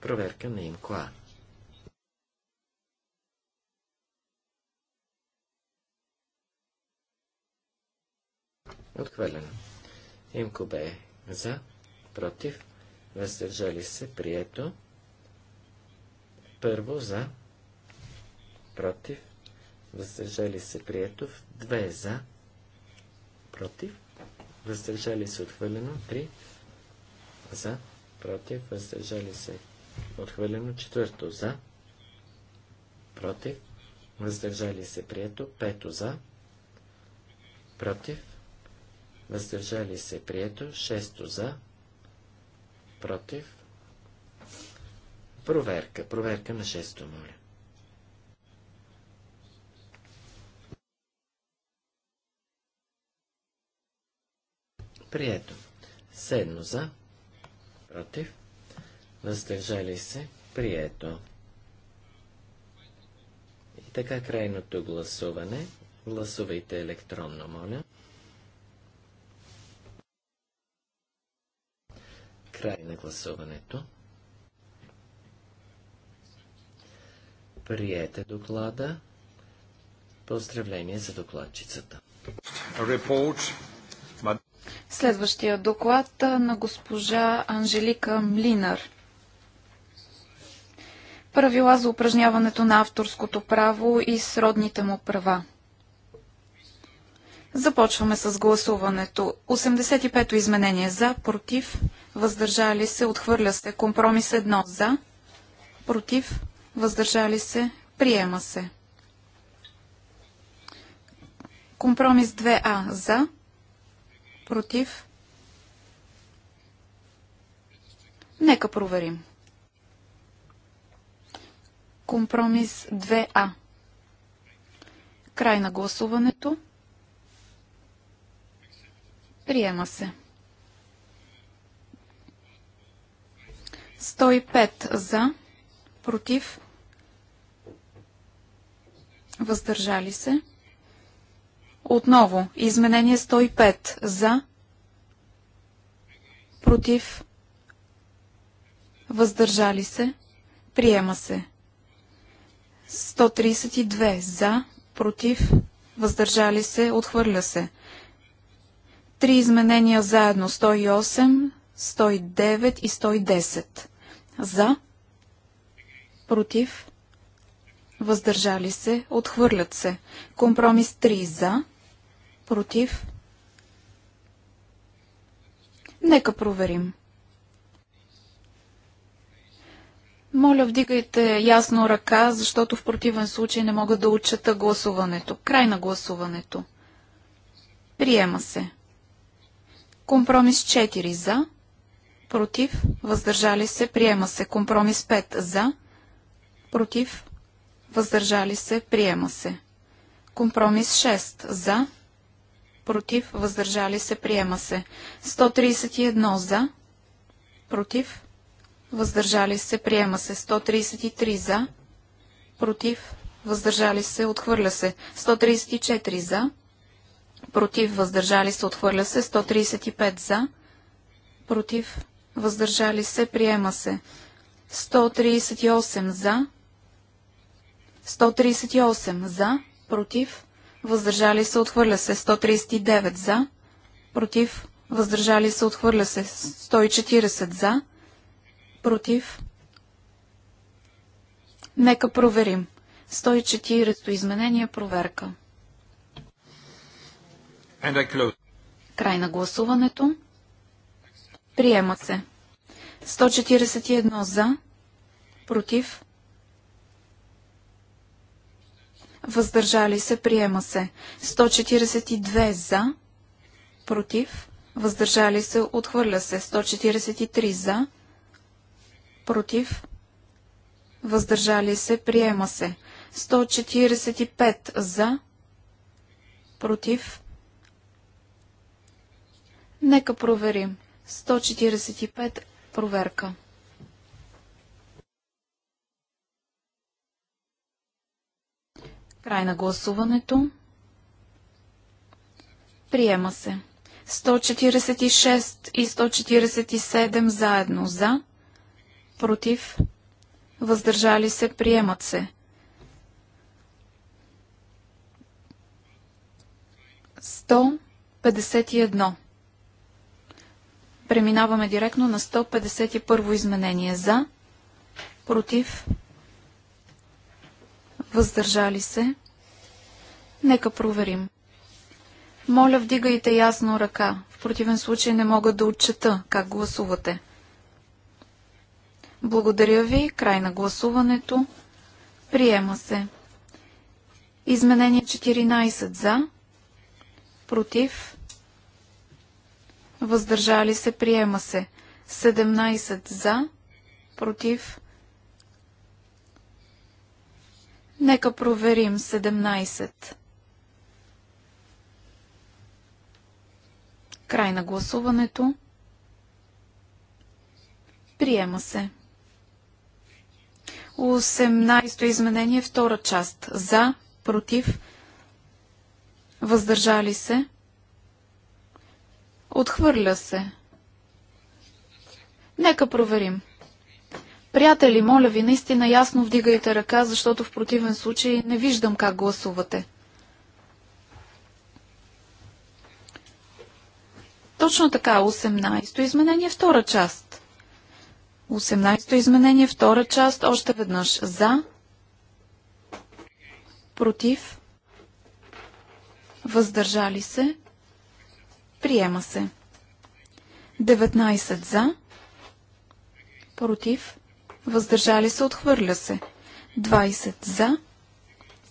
проверка на имко А. Отхвърлено. Имко Б за, против, въздържали се, прието. Първо за, против, въздържали се, прието. Две за, против, въздържали се, отхвърлено. Три за, против, въздържали се, отхвърлено. Четвърто за, против, въздържали се, прието. Пето за, против, въздържали се прието, 6 за, против, проверка, проверка на 6 моля. Прието. Седмо за, против, въздържали се, прието. И така крайното гласуване. Гласувайте електронно, моля. Край на гласуването. Приете доклада. Поздравление за докладчицата. Следващия доклад на госпожа Анжелика Млинар. Правила за упражняването на авторското право и сродните му права. Започваме с гласуването. 85-то изменение за, против, въздържали се, отхвърля се. Компромис едно за, против, въздържали се, приема се. Компромис 2а за, против. Нека проверим. Компромис 2а. Край на гласуването. Приема се. 105 за, против, въздържали се. Отново, изменение 105 за, против, въздържали се, приема се. 132 за, против, въздържали се, отхвърля се. Три изменения заедно 108, 109 и 110. За. Против. Въздържали се. Отхвърлят се. Компромис 3. За. Против. Нека проверим. Моля, вдигайте ясно ръка, защото в противен случай не мога да отчета гласуването. Край на гласуването. Приема се. Компромис 4 за против, въздържали се, приема се. Компромис 5 за, против, въздържали се, приема се. Компромис 6 за, против, въздържали се, приема се. 131 за, против, въздържали се, приема се. 133 за, против, въздържали се, отхвърля се. 134 за, против, въздържали се, отхвърля се. 135 за, против, въздържали се, приема се. 138 за, 138 за, против, въздържали се, отхвърля се. 139 за, против, въздържали се, отхвърля се. 140 за, против. Нека проверим. 140 изменение, проверка. Край на гласуването. Приема се. 141 за. Против. Въздържали се. Приема се. 142 за. Против. Въздържали се. Отхвърля се. 143 за. Против. Въздържали се. Приема се. 145 за. Против. Нека проверим. 145 проверка. Край на гласуването. Приема се. 146 и 147 заедно за, против, въздържали се, приемат се. Сто Преминаваме директно на 151 изменение. За, против, въздържали се. Нека проверим. Моля, вдигайте ясно ръка. В противен случай не мога да отчета как гласувате. Благодаря ви. Край на гласуването. Приема се. Изменение 14 за. Против въздържали се, приема се. 17 за, против. Нека проверим 17. Край на гласуването. Приема се. 18 то изменение, втора част. За, против, въздържали се. Отхвърля се. Нека проверим. Приятели, моля ви, наистина ясно вдигайте ръка, защото в противен случай не виждам как гласувате. Точно така, 18-то изменение, втора част. 18-то изменение, втора част, още веднъж. За, против, въздържали се, Приема се. 19 за. Против. Въздържали се. Отхвърля се. 20 за.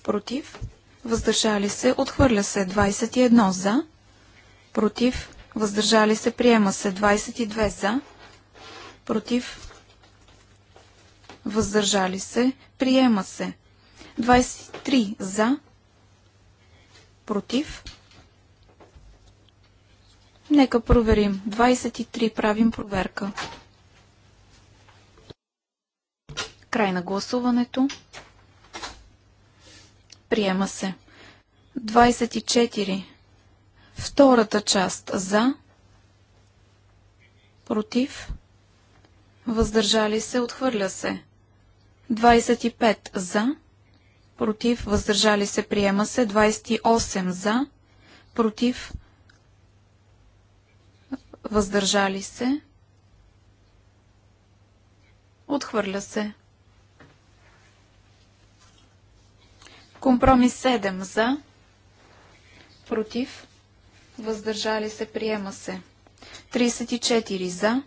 Против. Въздържали се. Отхвърля се. 21 за. Против. Въздържали се. Приема се. 22 за. Против. Въздържали се. Приема се. 23 за. Против. Нека проверим. 23 правим проверка. Край на гласуването. Приема се. 24. Втората част за. Против. Въздържали се. Отхвърля се. 25 за. Против. Въздържали се. Приема се. 28 за. Против въздържали се, отхвърля се. Компромис 7 за, против, въздържали се, приема се. 34 за,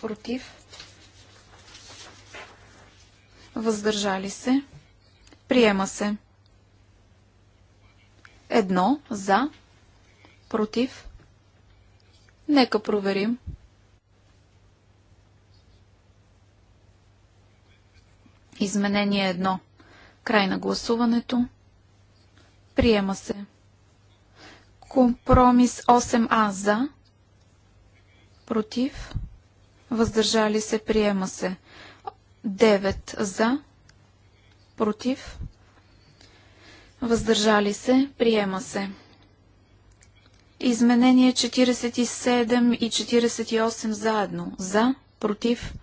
против, въздържали се, приема се. Едно за, против, Нека проверим. Изменение 1. Край на гласуването. Приема се. Компромис 8А за. Против. Въздържали се. Приема се. 9 за. Против. Въздържали се. Приема се. Изменение 47 и 48 заедно. За, против,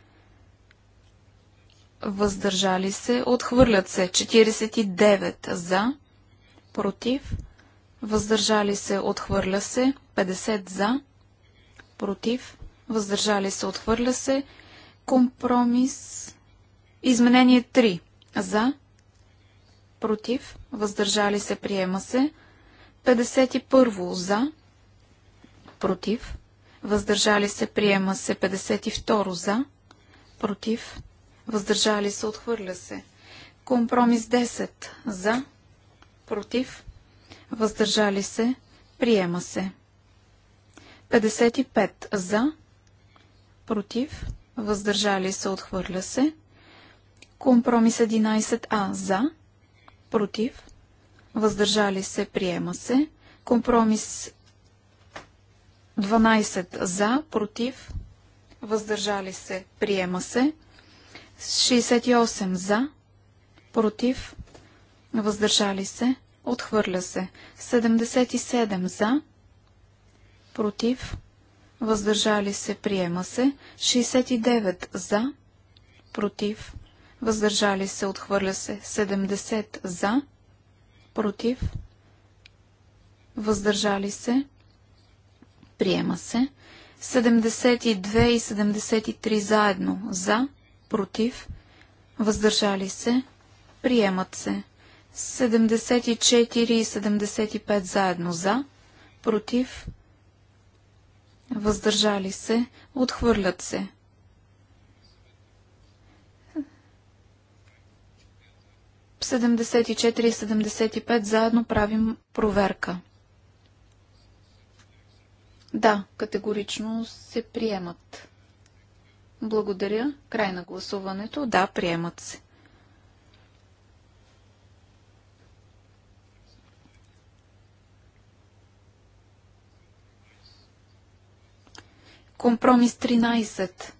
въздържали се, отхвърлят се. 49 за, против, въздържали се, отхвърля се. 50 за, против, въздържали се, отхвърля се. Компромис. Изменение 3. За, против, въздържали се, приема се. 51 за, против, въздържали се, приема се 52 за, против, въздържали се, отхвърля се. Компромис 10 за, против, въздържали се, приема се. 55 за, против, въздържали се, отхвърля се. Компромис 11а за, против, въздържали се, приема се. Компромис 12 за, против, въздържали се, приема се. 68 за, против, въздържали се, отхвърля се. 77 за, против, въздържали се, приема се. 69 за, против, въздържали се, отхвърля се. 70 за, против, въздържали се, Приема се. 72 и 73 заедно. За. Против. Въздържали се. Приемат се. 74 и 75 заедно. За. Против. Въздържали се. Отхвърлят се. В 74 и 75 заедно правим проверка. Да, категорично се приемат. Благодаря. Край на гласуването. Да, приемат се. Компромис 13.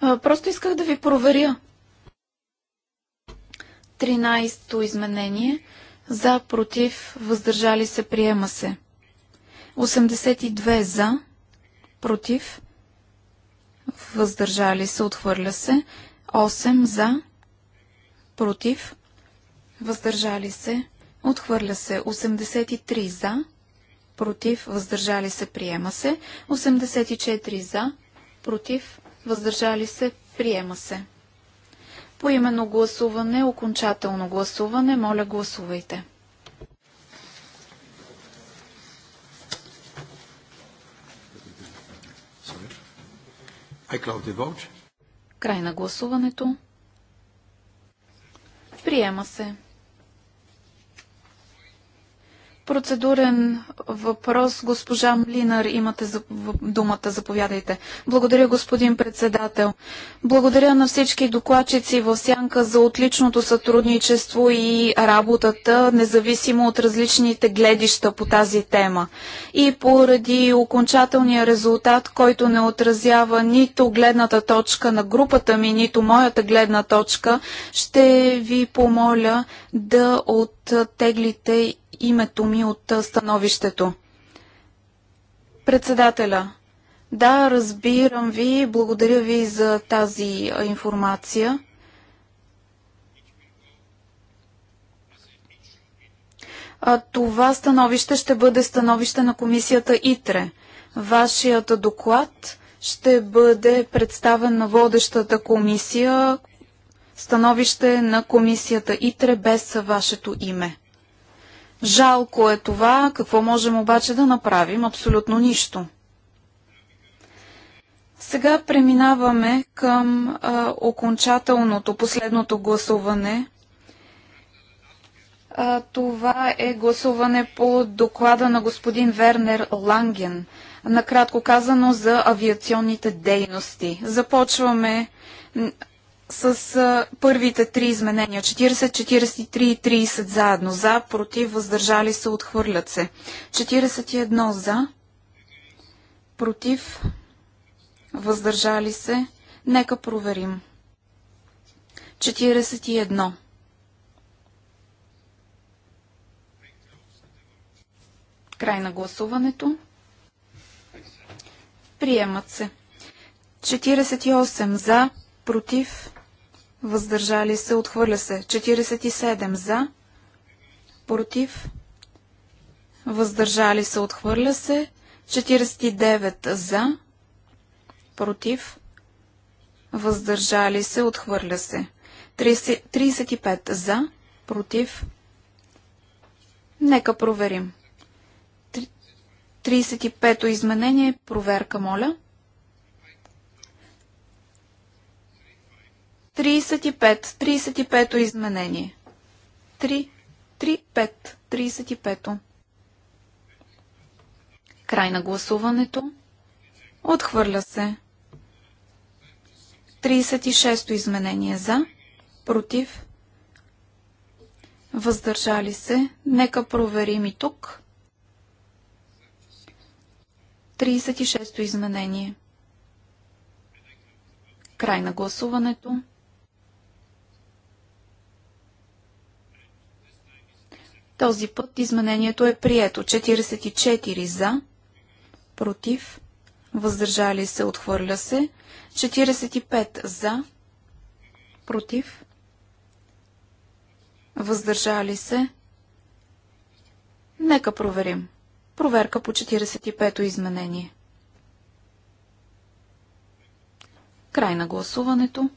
просто исках да ви проверя. 13-то изменение. За, против, въздържали се, приема се. 82 за, против, въздържали се, отхвърля се. 8 за, против, въздържали се, отхвърля се. 83 за, против, въздържали се, приема се. 84 за, против, въздържали се, приема се. Поименно гласуване, окончателно гласуване, моля гласувайте. Край на гласуването. Приема се. Процедурен въпрос. Госпожа Млинар, имате думата. Заповядайте. Благодаря, господин председател. Благодаря на всички докладчици в Сянка за отличното сътрудничество и работата, независимо от различните гледища по тази тема. И поради окончателния резултат, който не отразява нито гледната точка на групата ми, нито моята гледна точка, ще ви помоля да оттеглите името ми от становището. Председателя, да, разбирам ви, благодаря ви за тази информация. А това становище ще бъде становище на комисията ИТРЕ. Вашият доклад ще бъде представен на водещата комисия, становище на комисията ИТРЕ без вашето име. Жалко е това, какво можем обаче да направим? Абсолютно нищо. Сега преминаваме към а, окончателното, последното гласуване. А, това е гласуване по доклада на господин Вернер Ланген, накратко казано за авиационните дейности. Започваме с а, първите три изменения 40, 43 и 30 заедно. За, против, въздържали се, отхвърлят се. 41 за, против, въздържали се. Нека проверим. 41. Край на гласуването. Приемат се. 48 за, против, въздържали се, отхвърля се. 47 за, против, въздържали се, отхвърля се. 49 за, против, въздържали се, отхвърля се. 30, 35 за, против. Нека проверим. 35-то изменение, проверка, моля. 35. 35. 35-то изменение. 3. 3-5. 35-то. Край на гласуването. Отхвърля се. 36-то изменение за. Против. Въздържали се. Нека проверим и тук. 36-то изменение. Край на гласуването. Този път изменението е прието. 44 за, против, въздържали се, отхвърля се. 45 за, против, въздържали се. Нека проверим. Проверка по 45-то изменение. Край на гласуването.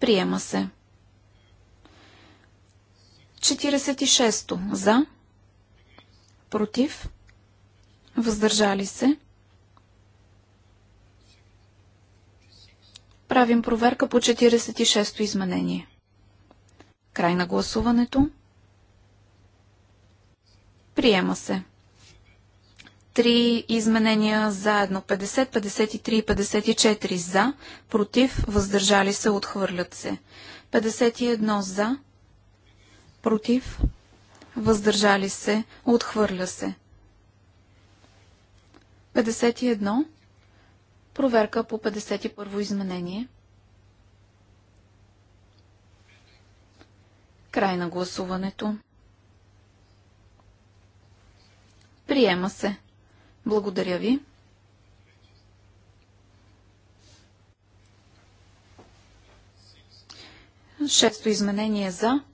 Приема се. 46-то за, против, въздържали се. Правим проверка по 46-то изменение. Край на гласуването. Приема се. Три изменения заедно 50, 53 и 54 за, против, въздържали се, отхвърлят се. 51 за, против, въздържали се, отхвърля се. 51. Проверка по 51 изменение. Край на гласуването. Приема се. Благодаря ви. Шесто изменение за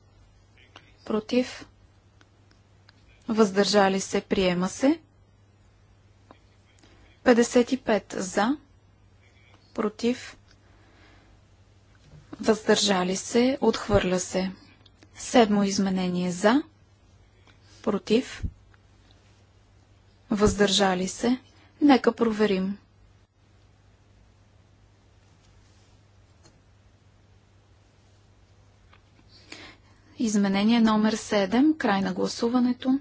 против, въздържали се, приема се. 55 за, против, въздържали се, отхвърля се. Седмо изменение за, против, въздържали се. Нека проверим. Изменение номер 7. Край на гласуването.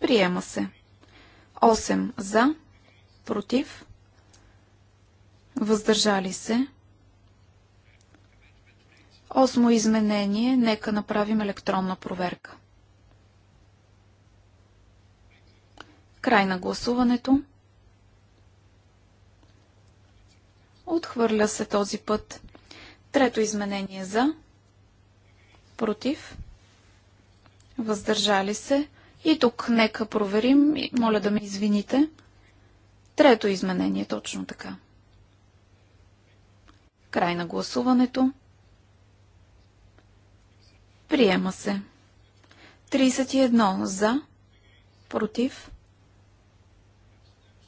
Приема се. 8 за, против, въздържали се. Осмо изменение. Нека направим електронна проверка. Край на гласуването. Отхвърля се този път. Трето изменение за, против, въздържали се. И тук нека проверим, моля да ме извините. Трето изменение, точно така. Край на гласуването. Приема се. 31 за, против,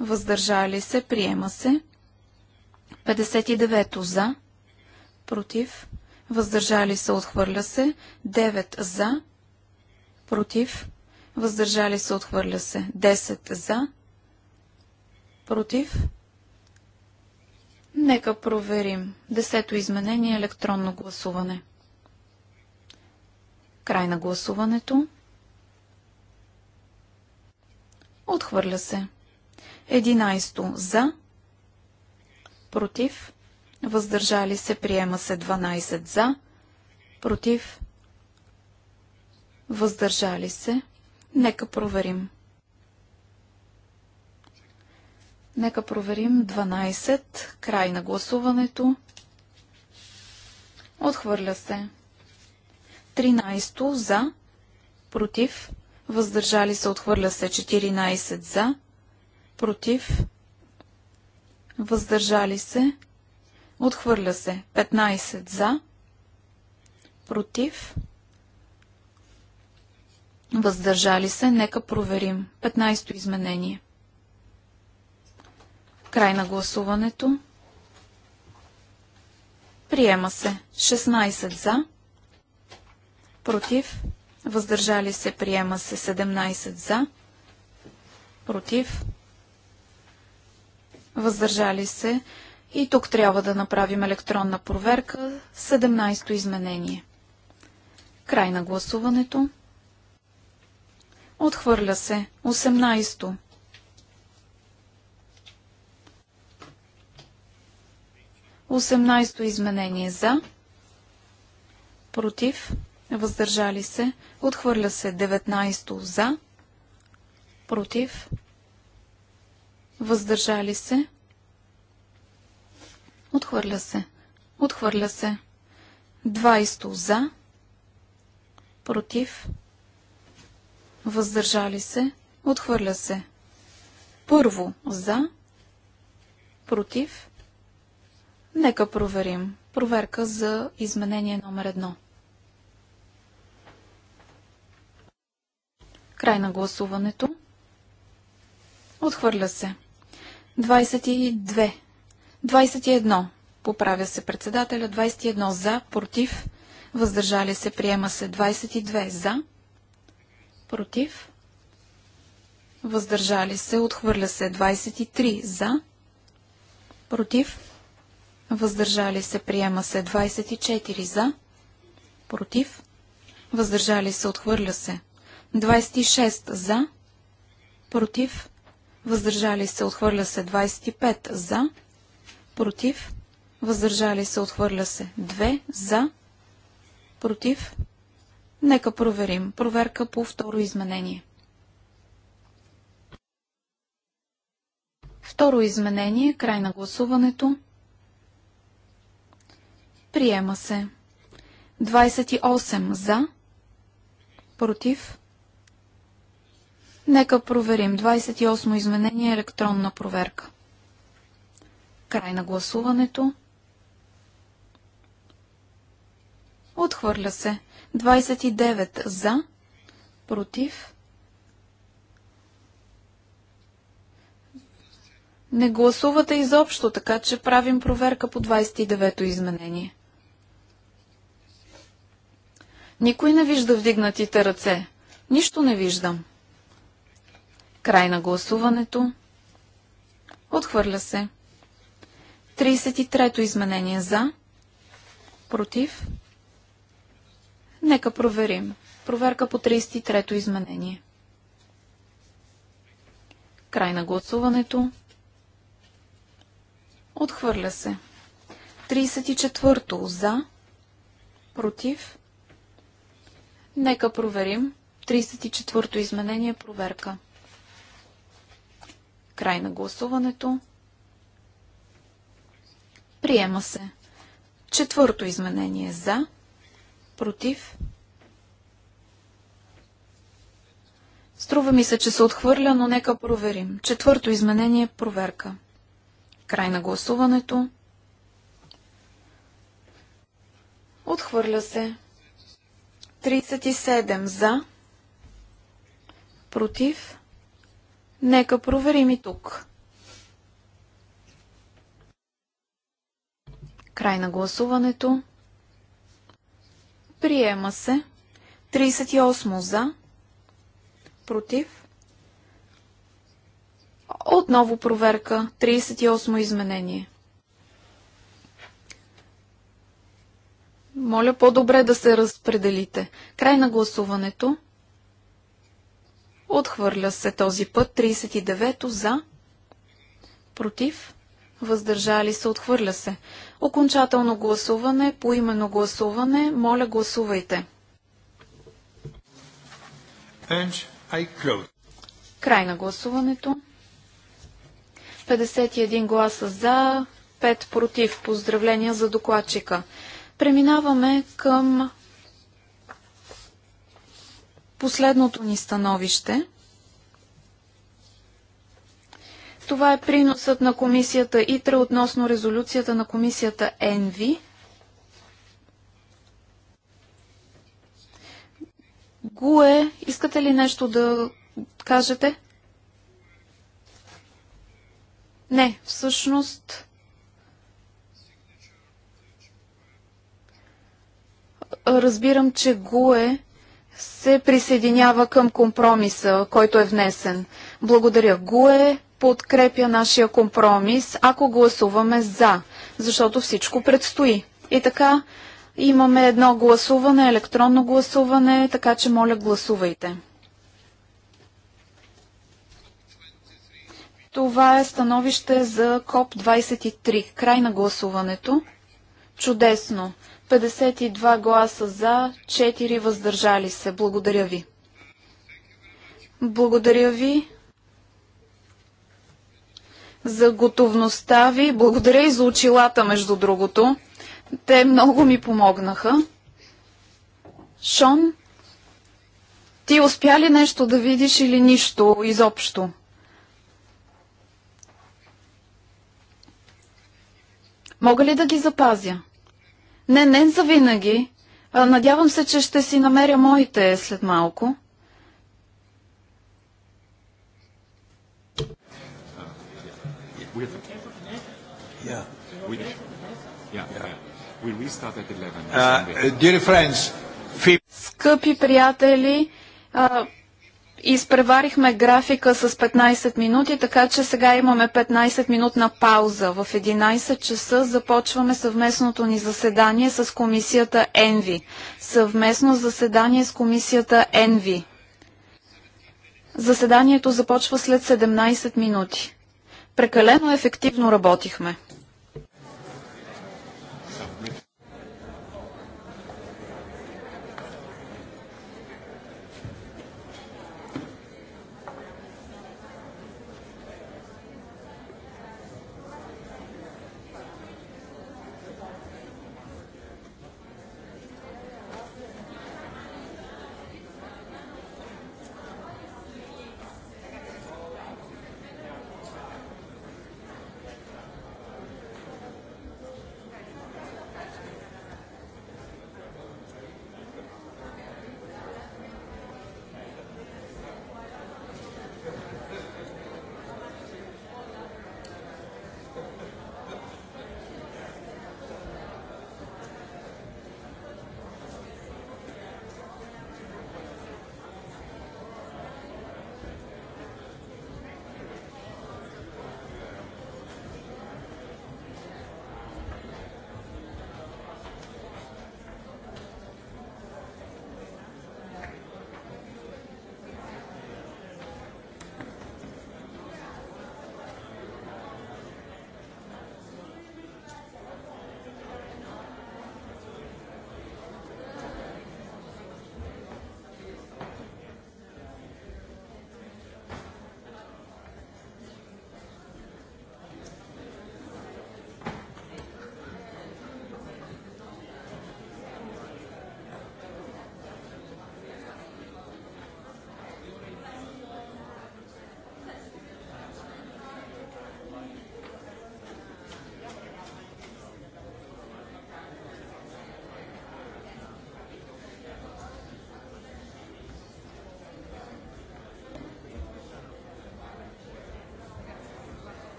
въздържали се, приема се. 59 за, против, въздържали се въздържали се, отхвърля се. 9 за, против, въздържали се, отхвърля се. 10 за, против. Нека проверим. Десето изменение е електронно гласуване. Край на гласуването. Отхвърля се. 11 за, против, въздържали се, приема се 12 за, против, въздържали се. Нека проверим. Нека проверим 12, край на гласуването. Отхвърля се. 13 за, против, въздържали се, отхвърля се 14 за, против, въздържали се, Отхвърля се. 15 за. Против. Въздържали се. Нека проверим. 15-то изменение. Край на гласуването. Приема се. 16 за. Против. Въздържали се. Приема се. 17 за. Против. Въздържали се. И тук трябва да направим електронна проверка. 17-то изменение. Край на гласуването. Отхвърля се. 18-то. Осемнайсто изменение за, против, въздържали се, отхвърля се 19 за, против, въздържали се, Отхвърля се. Отхвърля се. 20 за. Против. Въздържали се. Отхвърля се. Първо за. Против. Нека проверим. Проверка за изменение номер едно. Край на гласуването. Отхвърля се. 22 21. Поправя се председателя. 21 за, против, въздържали се, приема се. 22 за, против, въздържали се, отхвърля се. 23 за, против, въздържали се, приема се. 24 за, против, въздържали се, отхвърля се. 26 за, против, въздържали се, отхвърля се. 25 за, против, против, въздържали се, отхвърля се. 2 за, против. Нека проверим. Проверка по второ изменение. Второ изменение, край на гласуването. Приема се. 28 за, против. Нека проверим. 28 изменение електронна проверка. Край на гласуването. Отхвърля се. 29 за, против. Не гласувате изобщо, така че правим проверка по 29-то изменение. Никой не вижда вдигнатите ръце. Нищо не виждам. Край на гласуването. Отхвърля се. 33-то изменение за. Против. Нека проверим. Проверка по 33-то изменение. Край на гласуването. Отхвърля се. 34-то за. Против. Нека проверим. 34-то изменение проверка. Край на гласуването. Приема се. Четвърто изменение за, против. Струва ми се, че се отхвърля, но нека проверим. Четвърто изменение – проверка. Край на гласуването. Отхвърля се. 37 за, против. Нека проверим и тук. Край на гласуването. Приема се. 38 за. Против. Отново проверка. 38 изменение. Моля по-добре да се разпределите. Край на гласуването. Отхвърля се този път. 39 за. Против. Въздържали се. Отхвърля се. Окончателно гласуване, по именно гласуване. Моля, гласувайте. Край на гласуването. 51 гласа за, 5 против. Поздравления за докладчика. Преминаваме към последното ни становище. Това е приносът на комисията ИТРА относно резолюцията на комисията ЕНВИ. Гуе, искате ли нещо да кажете? Не, всъщност... Разбирам, че Гуе се присъединява към компромиса, който е внесен. Благодаря. Гуе подкрепя нашия компромис, ако гласуваме за, защото всичко предстои. И така имаме едно гласуване, електронно гласуване, така че моля гласувайте. Това е становище за КОП 23. Край на гласуването. Чудесно. 52 гласа за, 4 въздържали се. Благодаря ви. Благодаря ви за готовността ви. Благодаря и за очилата, между другото. Те много ми помогнаха. Шон, ти успя ли нещо да видиш или нищо изобщо? Мога ли да ги запазя? Не, не завинаги. Надявам се, че ще си намеря моите след малко. yeah. We, yeah, yeah. We restart at 11. Uh, dear friends, Скъпи приятели, изпреварихме графика с 15 минути, така че сега имаме 15 минутна пауза. В 11 часа започваме съвместното ни заседание с комисията ЕНВИ. Съвместно заседание с комисията ЕНВИ. Заседанието започва след 17 минути. Прекалено ефективно работихме.